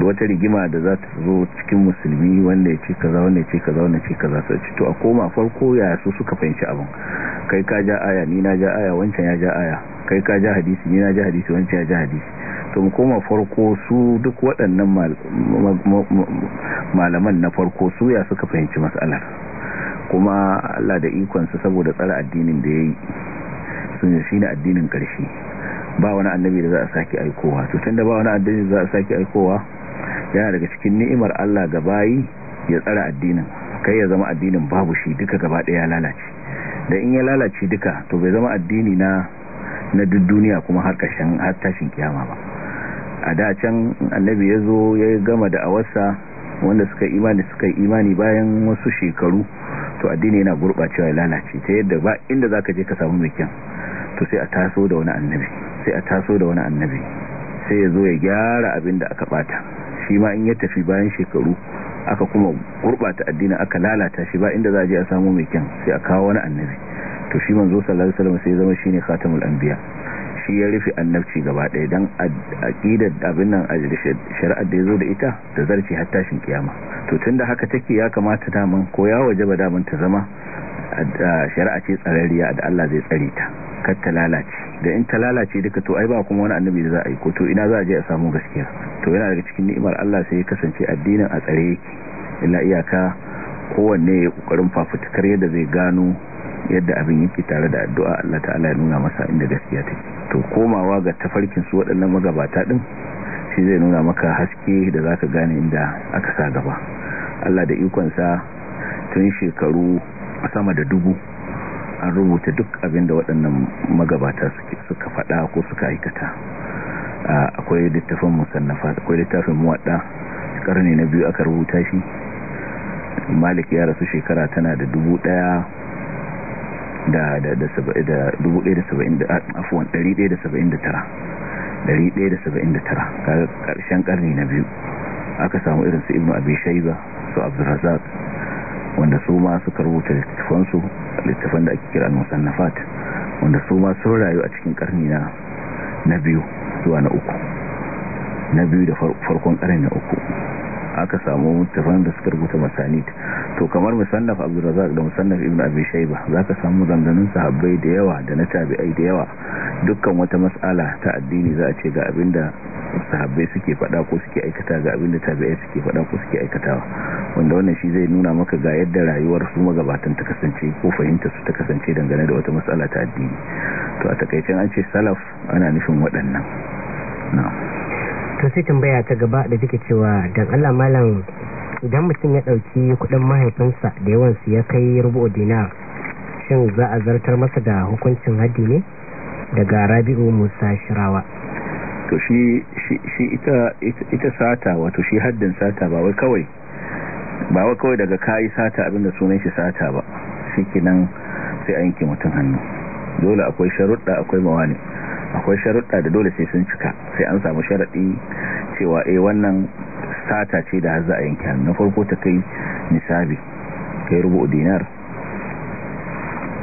duwata wata rigima da za ta zo cikin musulmi wanda ya ce kaza wanda ya ce kaza wanda ya ce kaza sai ci to a koma farko ya su suka fahimci abin kai ka ja aya ni na ja aya wancan ya ja aya kai ka ja hadisi ni na ja hadisi wancan ya ja hadisi wato mu koma farko su duk waɗannan malaman na farko su ya suka fahimci matsalar kuma Allah da ikonsa saboda tsara addinin da ya yi sun shi ne addinin ƙarshe ba wani annabi da za a sake aikowa to tunda ba wani annabi za a sake aikowa yana daga cikin ni'imar Allah ga bayi ya tsara addinin kai ya zama addinin babu shi duka gaba ɗaya lalace da in ya lalace duka to bai zama addini na na duk duniya kuma har ƙarshen har tashin kiyama ba a da can annabi ya zo ya gama da awarsa wanda suka imani suka imani bayan wasu shekaru to addini yana gurɓacewa ya lalace ta yadda ba inda za ka je ka samu mai kyan to sai a taso da wani annabi sai a taso da wani annabi sai ya zo ya gyara abin da aka bata shi ma in ya tafi bayan shekaru aka kuma gurɓata addinin aka lalata shi ba inda za a je a samu mai kyan sai a kawo wani annabi to shi manzo sallallahu alaihi wasallam sai ya zama shine khatamul anbiya shi ya rufe annabci gaba ɗaya don aƙidar abin nan a shari'ar da ya zo da ita da zarci har tashin kiyama to tun da haka take ya kamata damun ko ya waje ba damun ta zama a shari'a ce tsararriya da Allah zai tsare ta kar ta lalace da in ta lalace duka to ai ba kuma wani annabi da za a yi ko to ina za a je a samu gaskiya to yana daga cikin ni'imar Allah sai ya kasance addinin a tsare yake illa iyaka kowanne ya kokarin fafutukar yadda zai gano yadda abin yake tare da addu'a Allah ta'ala ya nuna masa inda gaskiya take to komawa ga tafarkin su waɗannan magabata din shi zai nuna maka haske da zaka gane inda aka sa gaba Allah da ikon sa tun shekaru sama da dubu an rubuta duk abin da waɗannan magabata suka faɗa ko suka aikata akwai littafin musannafa akwai littafin muwadda karni na biyu aka rubuta shi malik ya rasu shekara tana da dubu ɗaya da da da 179 kaga karshen karni na biyu aka samu irin su ibnu abi shayba su abdurrazzaq wanda su ma suka rubuta littafansu littafan da ake kira al-musannafat wanda su ma sun rayu a cikin karni na na biyu zuwa na uku na biyu da farkon karni na uku aka samu tafan da suka rubuta masanid to kamar musannaf abdurrazzaq da musannaf ibnu abi za ka samu zanzanin sahabbai da yawa da na tabi'ai da yawa dukkan wata mas'ala ta addini za a ce ga abinda sahabbai suke faɗa ko suke aikata ga abinda tabi'ai suke fada ko suke aikatawa wanda wannan shi zai nuna maka ga yadda rayuwar su magabatan ta kasance ko fahimta su ta kasance dangane da wata mas'ala ta addini to a takaicen an ce salaf ana nufin waɗannan na'am to sai tambaya ta gaba da take cewa dan Allah malam idan mutum ya dauki kudin mahaifinsa da yawan su ya kai rubu'u dina shin za a zartar masa da hukuncin haddi ne daga Rabi'u Musa Shirawa to shi ita ita sata wato shi haddin sata ba wai kawai ba wai kawai daga kayi sata abinda sunan shi sata ba shikenan sai an yanke mutum hannu dole akwai sharuɗa akwai mawani akwai sharuɗa da dole sai sun cika sai an samu sharaɗi cewa e wannan sata ce da za a yanke na farko ta kai nisabi kai rubu dinar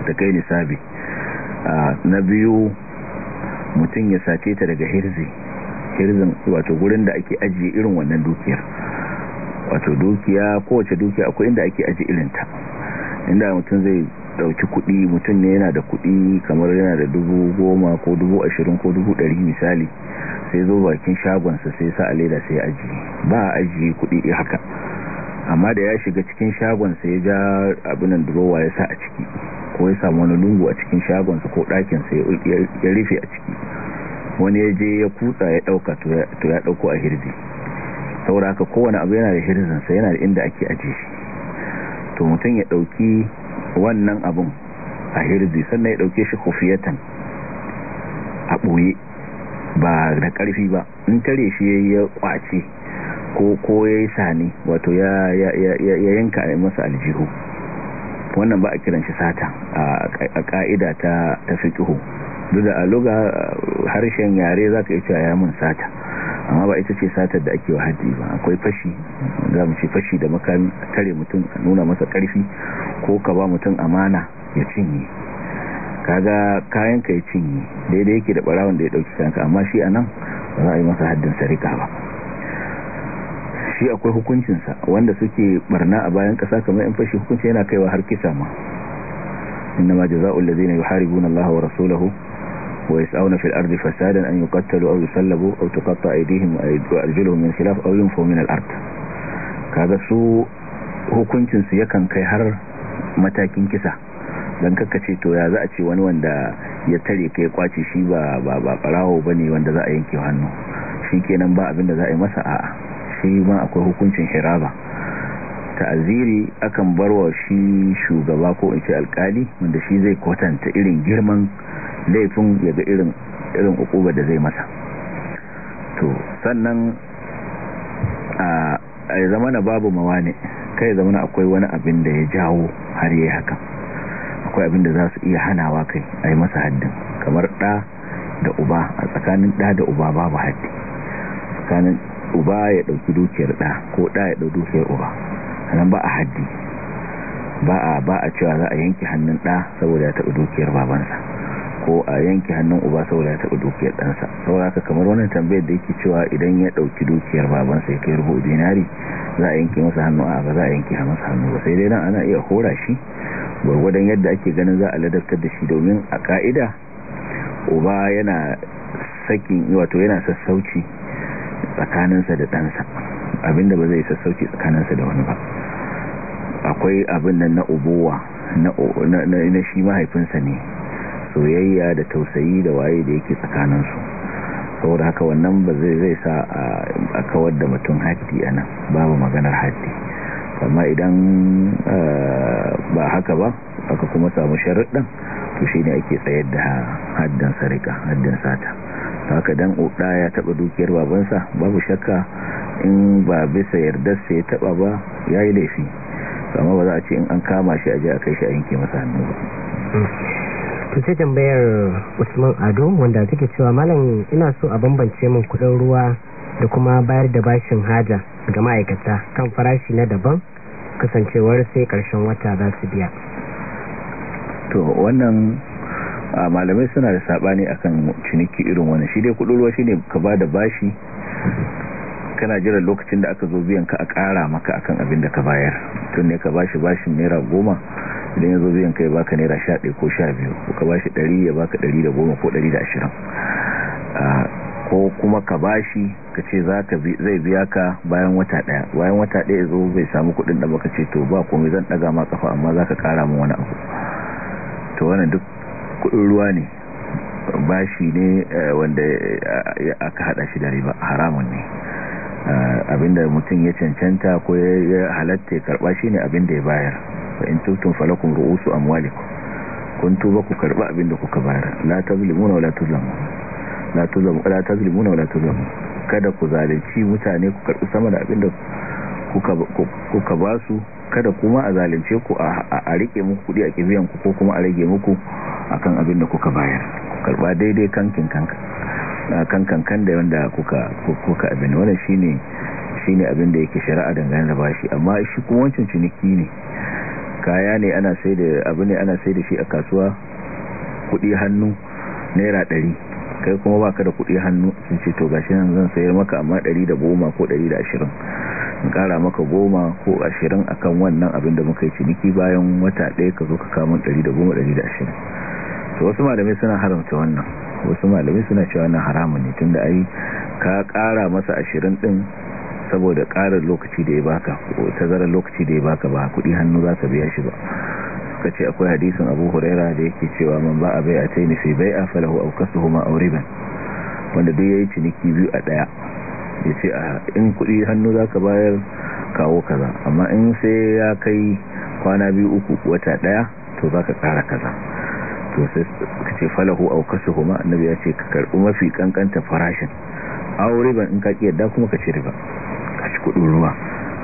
ta kai nisabi ah, na biyu mutum ya sace ta daga hirzi hirzin wato gurin da ake ajiye irin wannan dukiyar wato dukiya kowace dukiya akwai inda ake ajiye irinta inda mutum zai dauki kuɗi mutum ne yana da kuɗi kamar yana da dubu goma ko dubu ashirin ko dubu ɗari misali sai zo bakin shagonsa sai sa a sai aji ba a aji kuɗi haka amma da ya shiga cikin shagonsa ya ja abinan durowa ya sa a ciki ko ya samu wani lungu a cikin shagonsa ko ɗakinsa ya rufe a ciki wani ya je ya kutsa ya ɗauka to ya ɗauko a hirzi saboda haka kowane abu yana da hirzinsa yana da inda ake aji shi to mutum ya ɗauki wannan abun a hirzi sannan ya dauke shi kufiyatan a ɓoye ba da ƙarfi ba in tare shi yi ya kwace ko ko yi sani wato ya yanka a masa aljihu wannan ba a kiran shi sata a ƙa'ida ta fi fiqhu duk da a harshen yare za ka yi cewa ya mun sata amma ba ita ce satar da ake wa hajji ba akwai fashi za mu ce fashi da makami tare mutum a nuna masa karfi ko ka ba mutum amana ya cinye kaga kayan ka ya cinye daidai yake da barawon da ya dauki kanka amma shi anan ba za a yi masa haddin sarika ba shi akwai hukuncinsa wanda suke barna a bayan kasa kamar 'yan fashi hukunci yana kaiwa har kisa ma inna ma jaza'ul ladzina yuharibuna Allah wa rasulahu ويسعون في الأرض فسادا أن يقتلوا أو يسلبوا أو تقطع أيديهم وأرجلهم من خلاف أو ينفوا من الأرض kaga su yakan kai har matakin kisa don ce to ya za a ce wani wanda ya tare kai kwace shi ba ba ba ne bane wanda za a yanke hannu shi kenan ba abin da za a yi masa a'a shi ma akwai hukuncin hiraba ta'aziri akan barwa shi shugaba ko in ce alkali wanda shi zai kwatanta irin girman laifin ya ga irin ukuba da zai masa to sannan a yi zama na babu mawani kai zama na akwai wani abin da ya jawo har yi haka akwai abin da za su iya hanawa kai a yi masa haddin kamar ɗa da uba a tsakanin ɗa da uba babu haddi tsakanin uba ya ɗauki dukiyar ɗa ko ɗa ya ɗauki dukiyar uba hannun ba a haddi ba a ba a cewa za a yanki hannun ɗa saboda ya taɓa dukiyar babansa ko a yanke hannun uba saboda ya taɓa dukiyar ɗansa saboda haka kamar wannan tambayar da yake cewa idan ya ɗauki dukiyar babansa ya kai rubu dinari za a yanke masa hannu a ba za a yanke masa hannu ba sai dai nan ana iya hora shi gwargwadon yadda ake ganin za a ladabtar da shi domin a ka'ida uba yana sakin wato yana sassauci tsakaninsa da ɗansa abinda ba zai sassauci tsakaninsa da wani ba akwai abin nan na ubowa na shi mahaifinsa ne soyayya da tausayi da waye da yake tsakanin tsakaninsu saboda haka wannan ba zai zai sa a kawar da mutum haddi a nan babu maganar haddi amma idan ba haka ba aka kuma samu sharaɗin to shi ne ake tsayar da haddin sarika haddin sata haka dan uɗa ya taɓa dukiyar babansa babu shakka in ba bisa sai ya taɓa ba ya yi laifi amma ba za a ce in an kama shi a je a kai shi a yanke masa hannu ba tuce tambayar usman ado wanda take cewa malam ina so a bambance min kudin ruwa da kuma bayar da bashin haja ga ma'aikata kan farashi na daban kasancewar sai karshen wata za su biya to wannan malamai suna da sabani akan ciniki irin wannan shi dai kudin ruwa shi ne ka ba da bashi kana jiran lokacin da aka zo biyan ka a kara maka akan abin da ka bayar tun ne ka bashi bashin naira goma idan ya zo biyan kai baka naira sha ko sha biyu ko ka bashi ɗari ya baka ɗari da goma ko ɗari da ashirin ah, ko kuma ka bashi ka ce zai biya ka bayan wata ɗaya bayan wata ɗaya ya zo bai samu kuɗin da baka ce to ba komai zan ɗaga ma kafa amma za ka ƙara min wani abu to wannan duk kuɗin ruwa ne bashi ne eh, wanda eh, aka hada shi da riba haramun ne ah, abinda mutum ya cancanta ko ya halatta ya karba shi ne abinda ya bayar fa in tubtum falakum ru'usu amwalikum kun tuba ku karba abin da kuka bayar la tazlimuna wala tuzlamu la tuzlamu la tazlimuna wala tuzlamu kada ku zalunci mutane ku karbi sama da abin da kuka kuka kada kuma a zalunce ku a rike muku kudi a kibiyan ku ko kuma a rage muku akan abin da kuka bayar ku karba daidai kankin kanka kankan kan da wanda kuka kuka abin wannan shine shine abin da yake shari'a dangane da bashi amma shi kuma wancan ciniki ne kaya ne ana sai da abu ne ana sai da shi a kasuwa kudi hannu naira ɗari kai kuma baka da kudi hannu sun ce to gashi nan zan sayar maka amma ɗari da goma ko ɗari da ashirin in kara maka goma ko ashirin a kan wannan abin da muka yi ciniki bayan wata ɗaya ka zo ka kamun ɗari da goma ɗari da ashirin to wasu malamai suna haramta wannan wasu malamai suna cewa wannan haramun ne tun da ai ka kara masa ashirin ɗin saboda karar lokaci da ya baka ko tazarar lokaci da ya baka ba kuɗi hannu za ka biya shi ba suka ce akwai hadisin abu huraira da yake cewa man ba a bai a taini fi bai a falahu au kasu huma wanda duk ya yi ciniki biyu a daya ya ce a ah, in kuɗi hannu za ka bayar kawo kaza amma in sai ya kai kwana biyu uku wata daya to za ka kara kaza to sai falahu au kasu huma annabi ya ce ka karbi mafi kankanta farashin awo ban in ka ƙi yadda kuma ka ci riba ci kudin ruwa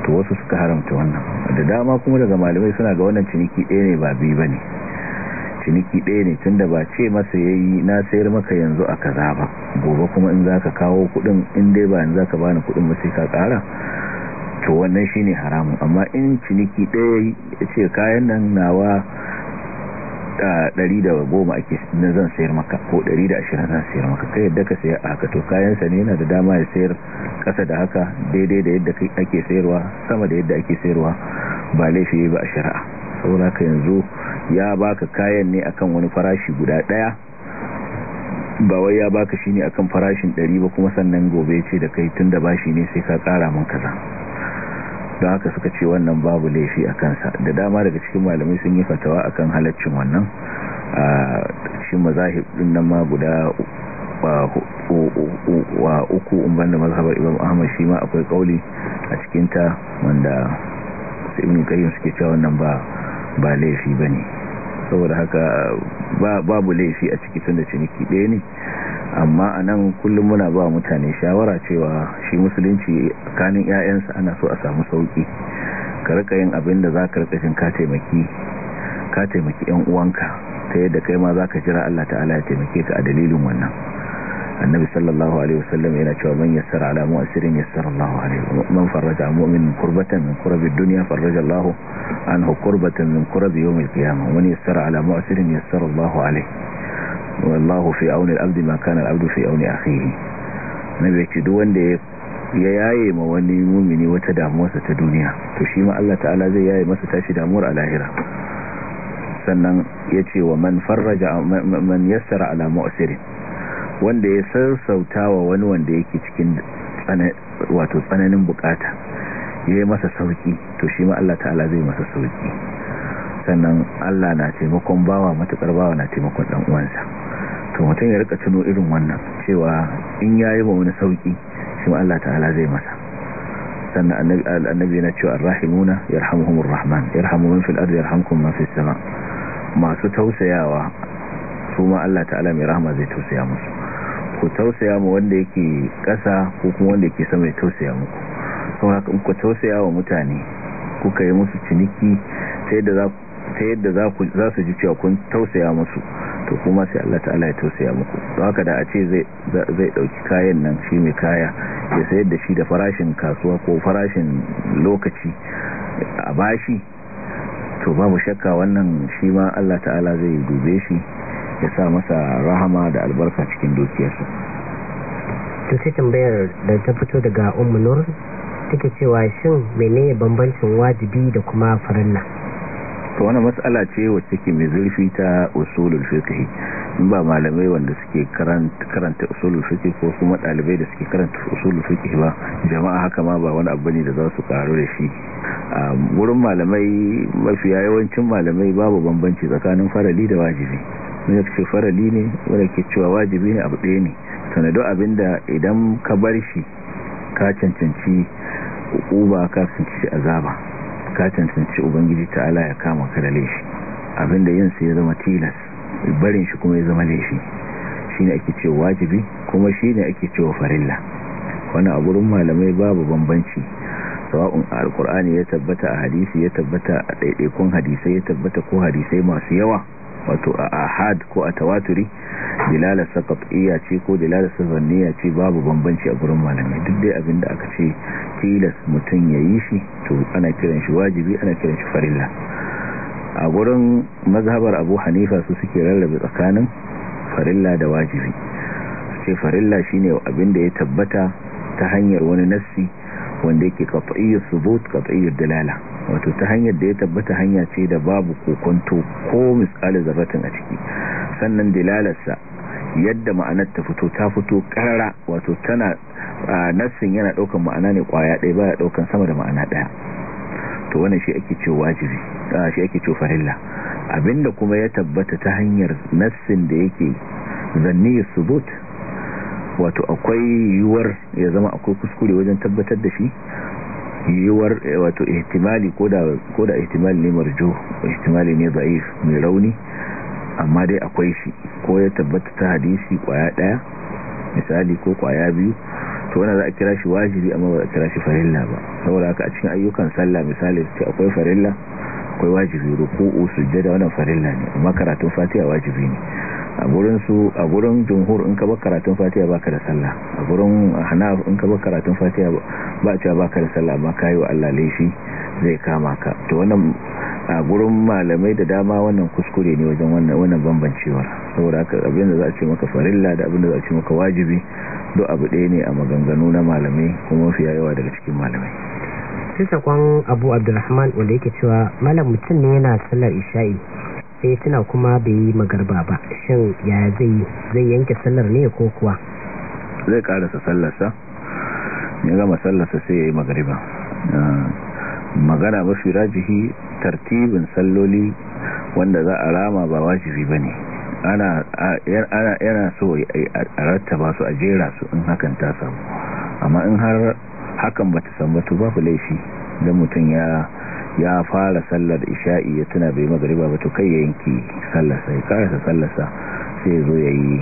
to wasu suka haramta wannan da dama kuma daga malamai suna ga wannan ciniki ɗaya ne ba biyu ba ne ciniki ɗaya ne tunda ba ce masa ya yi na sayar maka yanzu a kaza ba gobe kuma in za kawo kudin in dai ba in za ka bani kudin ba sai ka kara to wannan shine ne haramun amma in ciniki ɗaya ya ce kayan nan nawa goma ake na zan sayar maka ko ashirin zan sayar maka kai yadda ka sayar haka to kayansa ne yana da dama ya sayar kasa da haka daidai da yadda ake sayarwa sama da yadda ake sayarwa ba laifi ba a shari'a saboda ka yanzu ya baka kayan ne akan wani farashi guda ɗaya ba wai ya baka shi ne akan farashin ɗari ba kuma sannan gobe ce da kai tunda bashi ne sai ka kara min kaza don haka suka ce wannan babu laifi a kansa da dama daga cikin malamai sun yi fatawa akan halaccin wannan a shi mazahib din nan ma guda wa uku umban da mazhabar imam ahmad shi ma akwai kauli a cikinta wanda su ibn kayyum suke cewa wannan ba ba laifi bane saboda haka babu laifi a ciki da ciniki ɗaya ne amma a nan kullum muna ba mutane shawara cewa shi musulunci kanin 'ya'yansa ana so a samu sauki ka rika yin abin da za ka rika ka taimaki ka taimaki 'yan uwanka ta yadda kai ma za ka jira Allah ta'ala ya taimake ka a dalilin wannan annabi sallallahu alaihi wasallam yana cewa man yassara ala mu'sirin yassara Allahu alaihi man farraja mu'min kurbatan min qurbi dunya farraja Allah anhu qurbatan min yawm al qiyamah man yassara ala mu'sirin yassara Allahu alaihi wallahu fi auni al ma kana al-abdu fi auni akhihi duk wanda ya yaye ma wani mumini wata damuwarsa ta duniya to shi ma Allah ta'ala zai yaye masa tashi damuwar a lahira sannan ce wa man farraja man yassara ala mu'sirin wanda ya sassauta wa wani wanda yake cikin wato tsananin bukata yayi masa sauki to shi ma Allah ta'ala zai masa sauki sannan Allah na taimakon bawa matukar bawa na taimakon ɗan uwansa to mutum ya rika tuno irin wannan cewa in yayi ba wani sauki shi Allah ta'ala zai masa sannan annabi yana cewa arrahimuna yarhamuhumur rahman yarhamu man fil ardi yarhamkum man fis sama masu tausayawa su ma Allah ta'ala mai rahama zai tausaya musu ku tausaya mu wanda yake ƙasa ko kuma wanda yake sama ya tausaya muku saboda ku tausaya wa mutane kuka yi musu ciniki sai da za ku ta yadda za su ji cewa kun tausaya musu to kuma sai Allah ta'ala ya tausaya muku don haka da a ce zai dauki kayan nan shi mai kaya ya sayar da shi da farashin kasuwa ko farashin lokaci a bashi to babu shakka wannan shi ma Allah ta'ala zai dube shi ya sa masa rahama da albarka cikin dukiyarsa to sai tambayar da ta fito daga ummu nur take cewa shin menene bambancin wajibi da kuma farilla to wani matsala ce wacce ke mai zurfi ta usulul fiqh in ba malamai wanda suke karanta usulul fiqh ko kuma dalibai da suke karanta usulul fiqh ba jama'a haka ma ba wani abu ne da za su karu da shi a wurin malamai mafiya yawancin malamai babu bambanci tsakanin farali da wajibi wanda ke farali ne wanda ke cewa wajibi ne abu ɗaya ne sanadu abinda idan ka bar shi ka cancanci uba ka cancanci azaba ka cancanci ubangiji ta'ala ya kama ka da laifi abinda yin sai ya zama tilas barin shi kuma ya zama laifi shine ake cewa wajibi kuma shine ake cewa farilla wani a gurin malamai babu bambanci sawa'un alkur'ani ya tabbata a hadisi ya tabbata a ɗaiɗaikun hadisai ya tabbata ko hadisai masu yawa wato a ahad ko a tawaturi dilala saqatiyya ce ko dilala sazanniya ce babu bambanci a gurin malami duk dai abinda aka ce tilas mutum yayi shi to ana kiran shi wajibi ana kiran shi farilla a gurin mazhabar Abu Hanifa su suke rarrabe tsakanin farilla da wajibi ce farilla shine abinda ya tabbata ta hanyar wani nassi wanda yake qat'iyyus subut qat'iyyud dalala wato ta hanyar da ya tabbata hanya ce da babu kokonto ko misali zarratin a ciki sannan dalalarsa yadda ma'anar ta fito ta fito karara wato tana nassin yana daukan ma'ana ne kwaya ɗaya baya daukan sama da ma'ana ɗaya to wannan shi ake cewa wajibi shi ake cewa farilla abinda kuma ya tabbata ta hanyar nassin da yake zanni subut wato akwai yiwuwar ya zama akwai kuskure wajen tabbatar da shi yiwuwar eh, wato ihtimali ko da ihtimali ne marjo ihtimali ne za'if mai rauni amma dai akwai shi ko ya tabbata ta hadisi kwaya daya misali ko kwaya biyu to wanda za a kira shi wajibi amma ba a kira shi farilla ba saboda haka a cikin ayyukan sallah misali ce akwai farilla akwai wajibi ruku'u sujjada wannan farilla ne amma karatun fatiha wajibi ne a gurin su a gurin jumhur in ka ba karatun fatiha baka da sallah a gurin hanaf in ka ba karatun fatiha ba cewa baka da sallah amma kayi wa Allah laifi zai kama ka to wannan a gurin malamai da dama wannan kuskure ne wajen wannan wannan bambancewar saboda haka abin da za a ce maka farilla da abin da za a ce maka wajibi duk abu ɗaya ne a maganganu na malamai kuma fiye yawa daga cikin malamai sai sakon abu abdulrahman wanda yake cewa malam mutum ne yana sallar isha'i sai tuna kuma bai yi magarba ba shin ya zai zai yanke sallar ne ko kuwa zai karasa sallarsa ya gama sallarsa sai ya yi magariba magana mafi rajihi tartibin salloli wanda za a rama ba wajibi ba ne yana so a rattaba su a jera su in hakan ta samu amma in har hakan bata sambatu ku laifi don mutum ya ya fara sallar isha'i ya tuna bai magariba ba to kai ya yanki sallarsa ya karasa sallarsa sai ya zo ya yi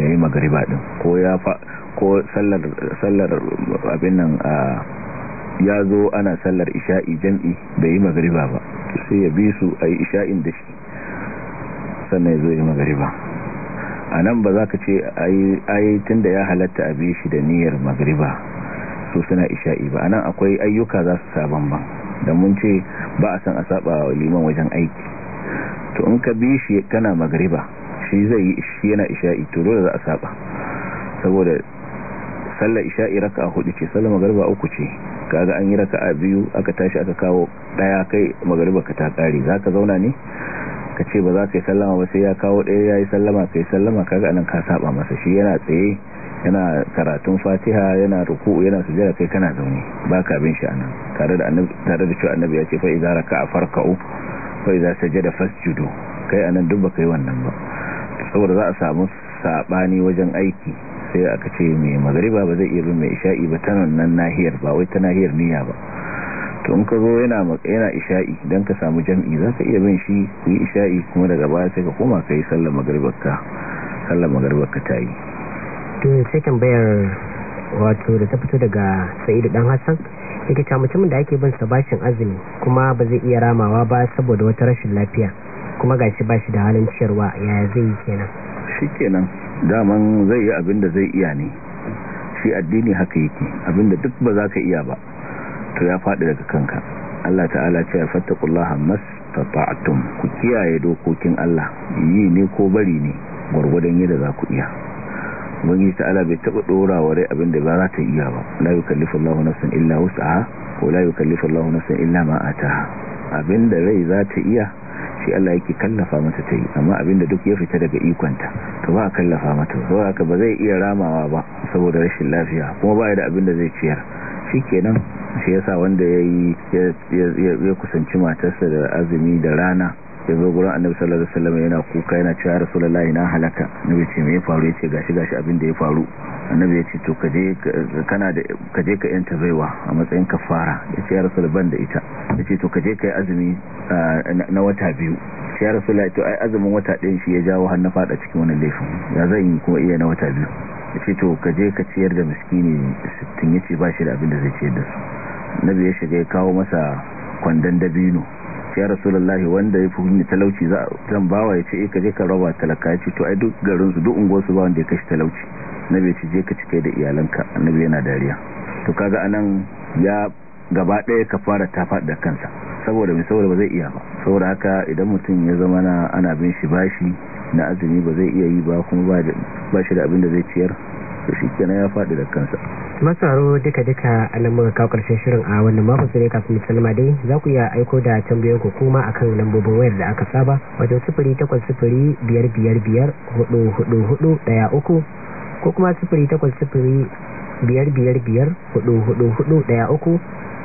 ya yi magariba din ko ya fa ko sallar sallar abin nan a ya zo ana sallar isha'i jam'i bai yi magariba ba sai ya bi su a yi isha'in da shi sannan ya zo ya yi magariba a nan ba za ka ce yi tun da ya halatta a bi shi da niyyar magariba so suna isha'i ba anan akwai ayyuka za su saban ba da mun ce ba a san a saba liman wajen aiki to in ka bi shi kana magriba shi zai yi shi yana isha'i to dole za a saba saboda sallar isha'i raka'a hudu ce sallar magriba uku ce kaga an yi raka'a biyu aka tashi aka kawo daya kai magriba ka ta kare zaka zauna ne ka ce ba za ka yi sallama ba sai ya kawo ɗaya ya yi sallama kai sallama kaga anan ka saba masa shi yana tsaye yana karatun fatiha yana ruku yana sujada kai kana zaune ba ka bin shi anan tare da annabi tare da cewa annabi ya ce fa idza raka farka'u fa idza sajada fasjudu kai anan duk baka yi wannan ba saboda za a samu sabani wajen aiki sai aka ce me magariba ba zai iya bin mai isha'i ba ta nan nahiyar ba wai ta nahiyar niyya ba to in ka zo yana yana isha'i dan ka samu jam'i za ka iya bin shi ku yi isha'i kuma daga baya sai ka koma kai sallar magribar ka sallar magribar ka tayi to sai tambayar wato da ta fito daga sa'idu dan hassan yake ta mutumin da ake bin sa bashin azumi kuma ba zai iya ramawa ba saboda wata rashin lafiya kuma gashi shi da halin ciyarwa ya zai yi kenan shikenan daman zai yi abin da zai iya ne shi addini haka yake abin da duk ba za ka iya ba to ya faɗi daga kanka Allah ta'ala ce ya fattakullaha mastata'tum ku kiyaye dokokin Allah yi ne ko bari ne gwargwadon yadda za ku iya ta ala bai taba dora wa rai abinda ba za ta iya ba la yukallifu Allahu nafsan illa wus'aha ko la yukallifu Allahu nafsan illa ma ataha abinda rai za ta iya shi Allah yake kallafa mata ta yi amma abinda duk ya fita daga ikonta to ba kallafa mata ba haka ba zai iya ramawa ba saboda rashin lafiya kuma ba da abinda zai ciyar shi shikenan shi yasa wanda yayi ya kusanci matarsa da azumi da rana ya zo annabi sallallahu alaihi wasallam yana kuka yana cewa rasulullahi na halaka annabi ce me ya faru yace gashi gashi abin da ya faru annabi yace to kaje kana da kaje ka yanta baiwa a matsayin kafara yace ya rasul ban da ita yace to kaje kai azumi na wata biyu ya rasulullahi to ai azumin wata ɗin shi ya jawo har na fada cikin wannan laifin ya zan yi kuma iya na wata biyu yace to kaje ka ciyar da miskini 60 yace ba shi da abin da zai ciyar da su annabi ya shiga ya kawo masa kwandon dabino ce ya wanda ya fi talauci za a zan bawa ya ce eh, ka je ka raba talaka ya ce to ai duk garin su duk unguwar su ba wanda ya kashi talauci na bai ce je ka cike da iyalanka annabi yana dariya to kaga anan ya gaba ɗaya ka fara ta da kansa saboda mai saboda ba zai iya ba saboda haka idan mutum ya zama na ana bin shi bashi na azumi ba zai iya yi ba kuma ba shi da abin da zai ciyar to shi kenan ya faɗi da kansa masaro duka-duka alamun kawo ƙarshen shirin a wannan mafi sai kafin salma dai za ku iya aiko da tambayoyin ku kuma akan lambobin wayar da aka saba wato sifiri 8 sifiri biyar 4 4 hudu ko kuma sifiri 8 4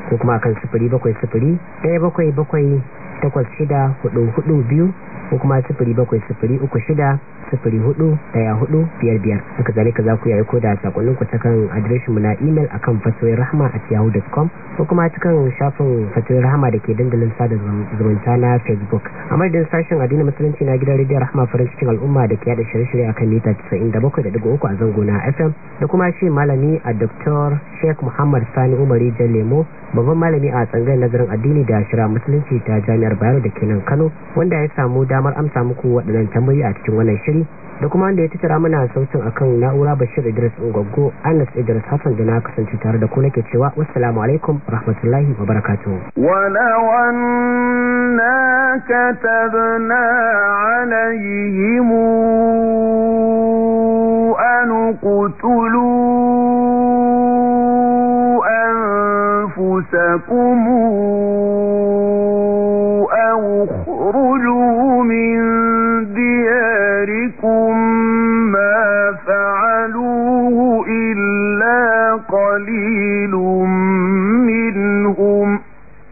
ko kuma a sifiri bakwai sifiri 7 bakwai bakwai takwas shida hudu hudu ko kuma sifiri bakwai sifiri uku shida hudu hudu biyar haka zalika za ku yi aiko da sakonninku ta kan mu na imel a kan fatoyin rahama a yahoo.com ko kuma ta shafin fatoyin rahama da ke dandalin sada zumunta na facebook a madadin sashen adini musulunci na gidan rediyon rahama farin cikin al'umma da ke yada shirye-shirye a kan mita 97.3 a zango na fm da kuma shi malami a dr sheikh muhammad sani umari jan lemo babban malami a tsangar nazarin addini da shira musulunci ta jami'ar bayero da ke nan kano wanda ya samu damar amsa muku waɗannan tambayi a cikin wannan shirin da kuma wanda ya tattara mana sautin akan na'ura Bashir Idris Ungwaggo Anas Idris Hassan da na kasance tare da ku nake cewa assalamu alaikum rahmatullahi wa barakatuh wa lawanna katabna alayhim an qutulu anfusakum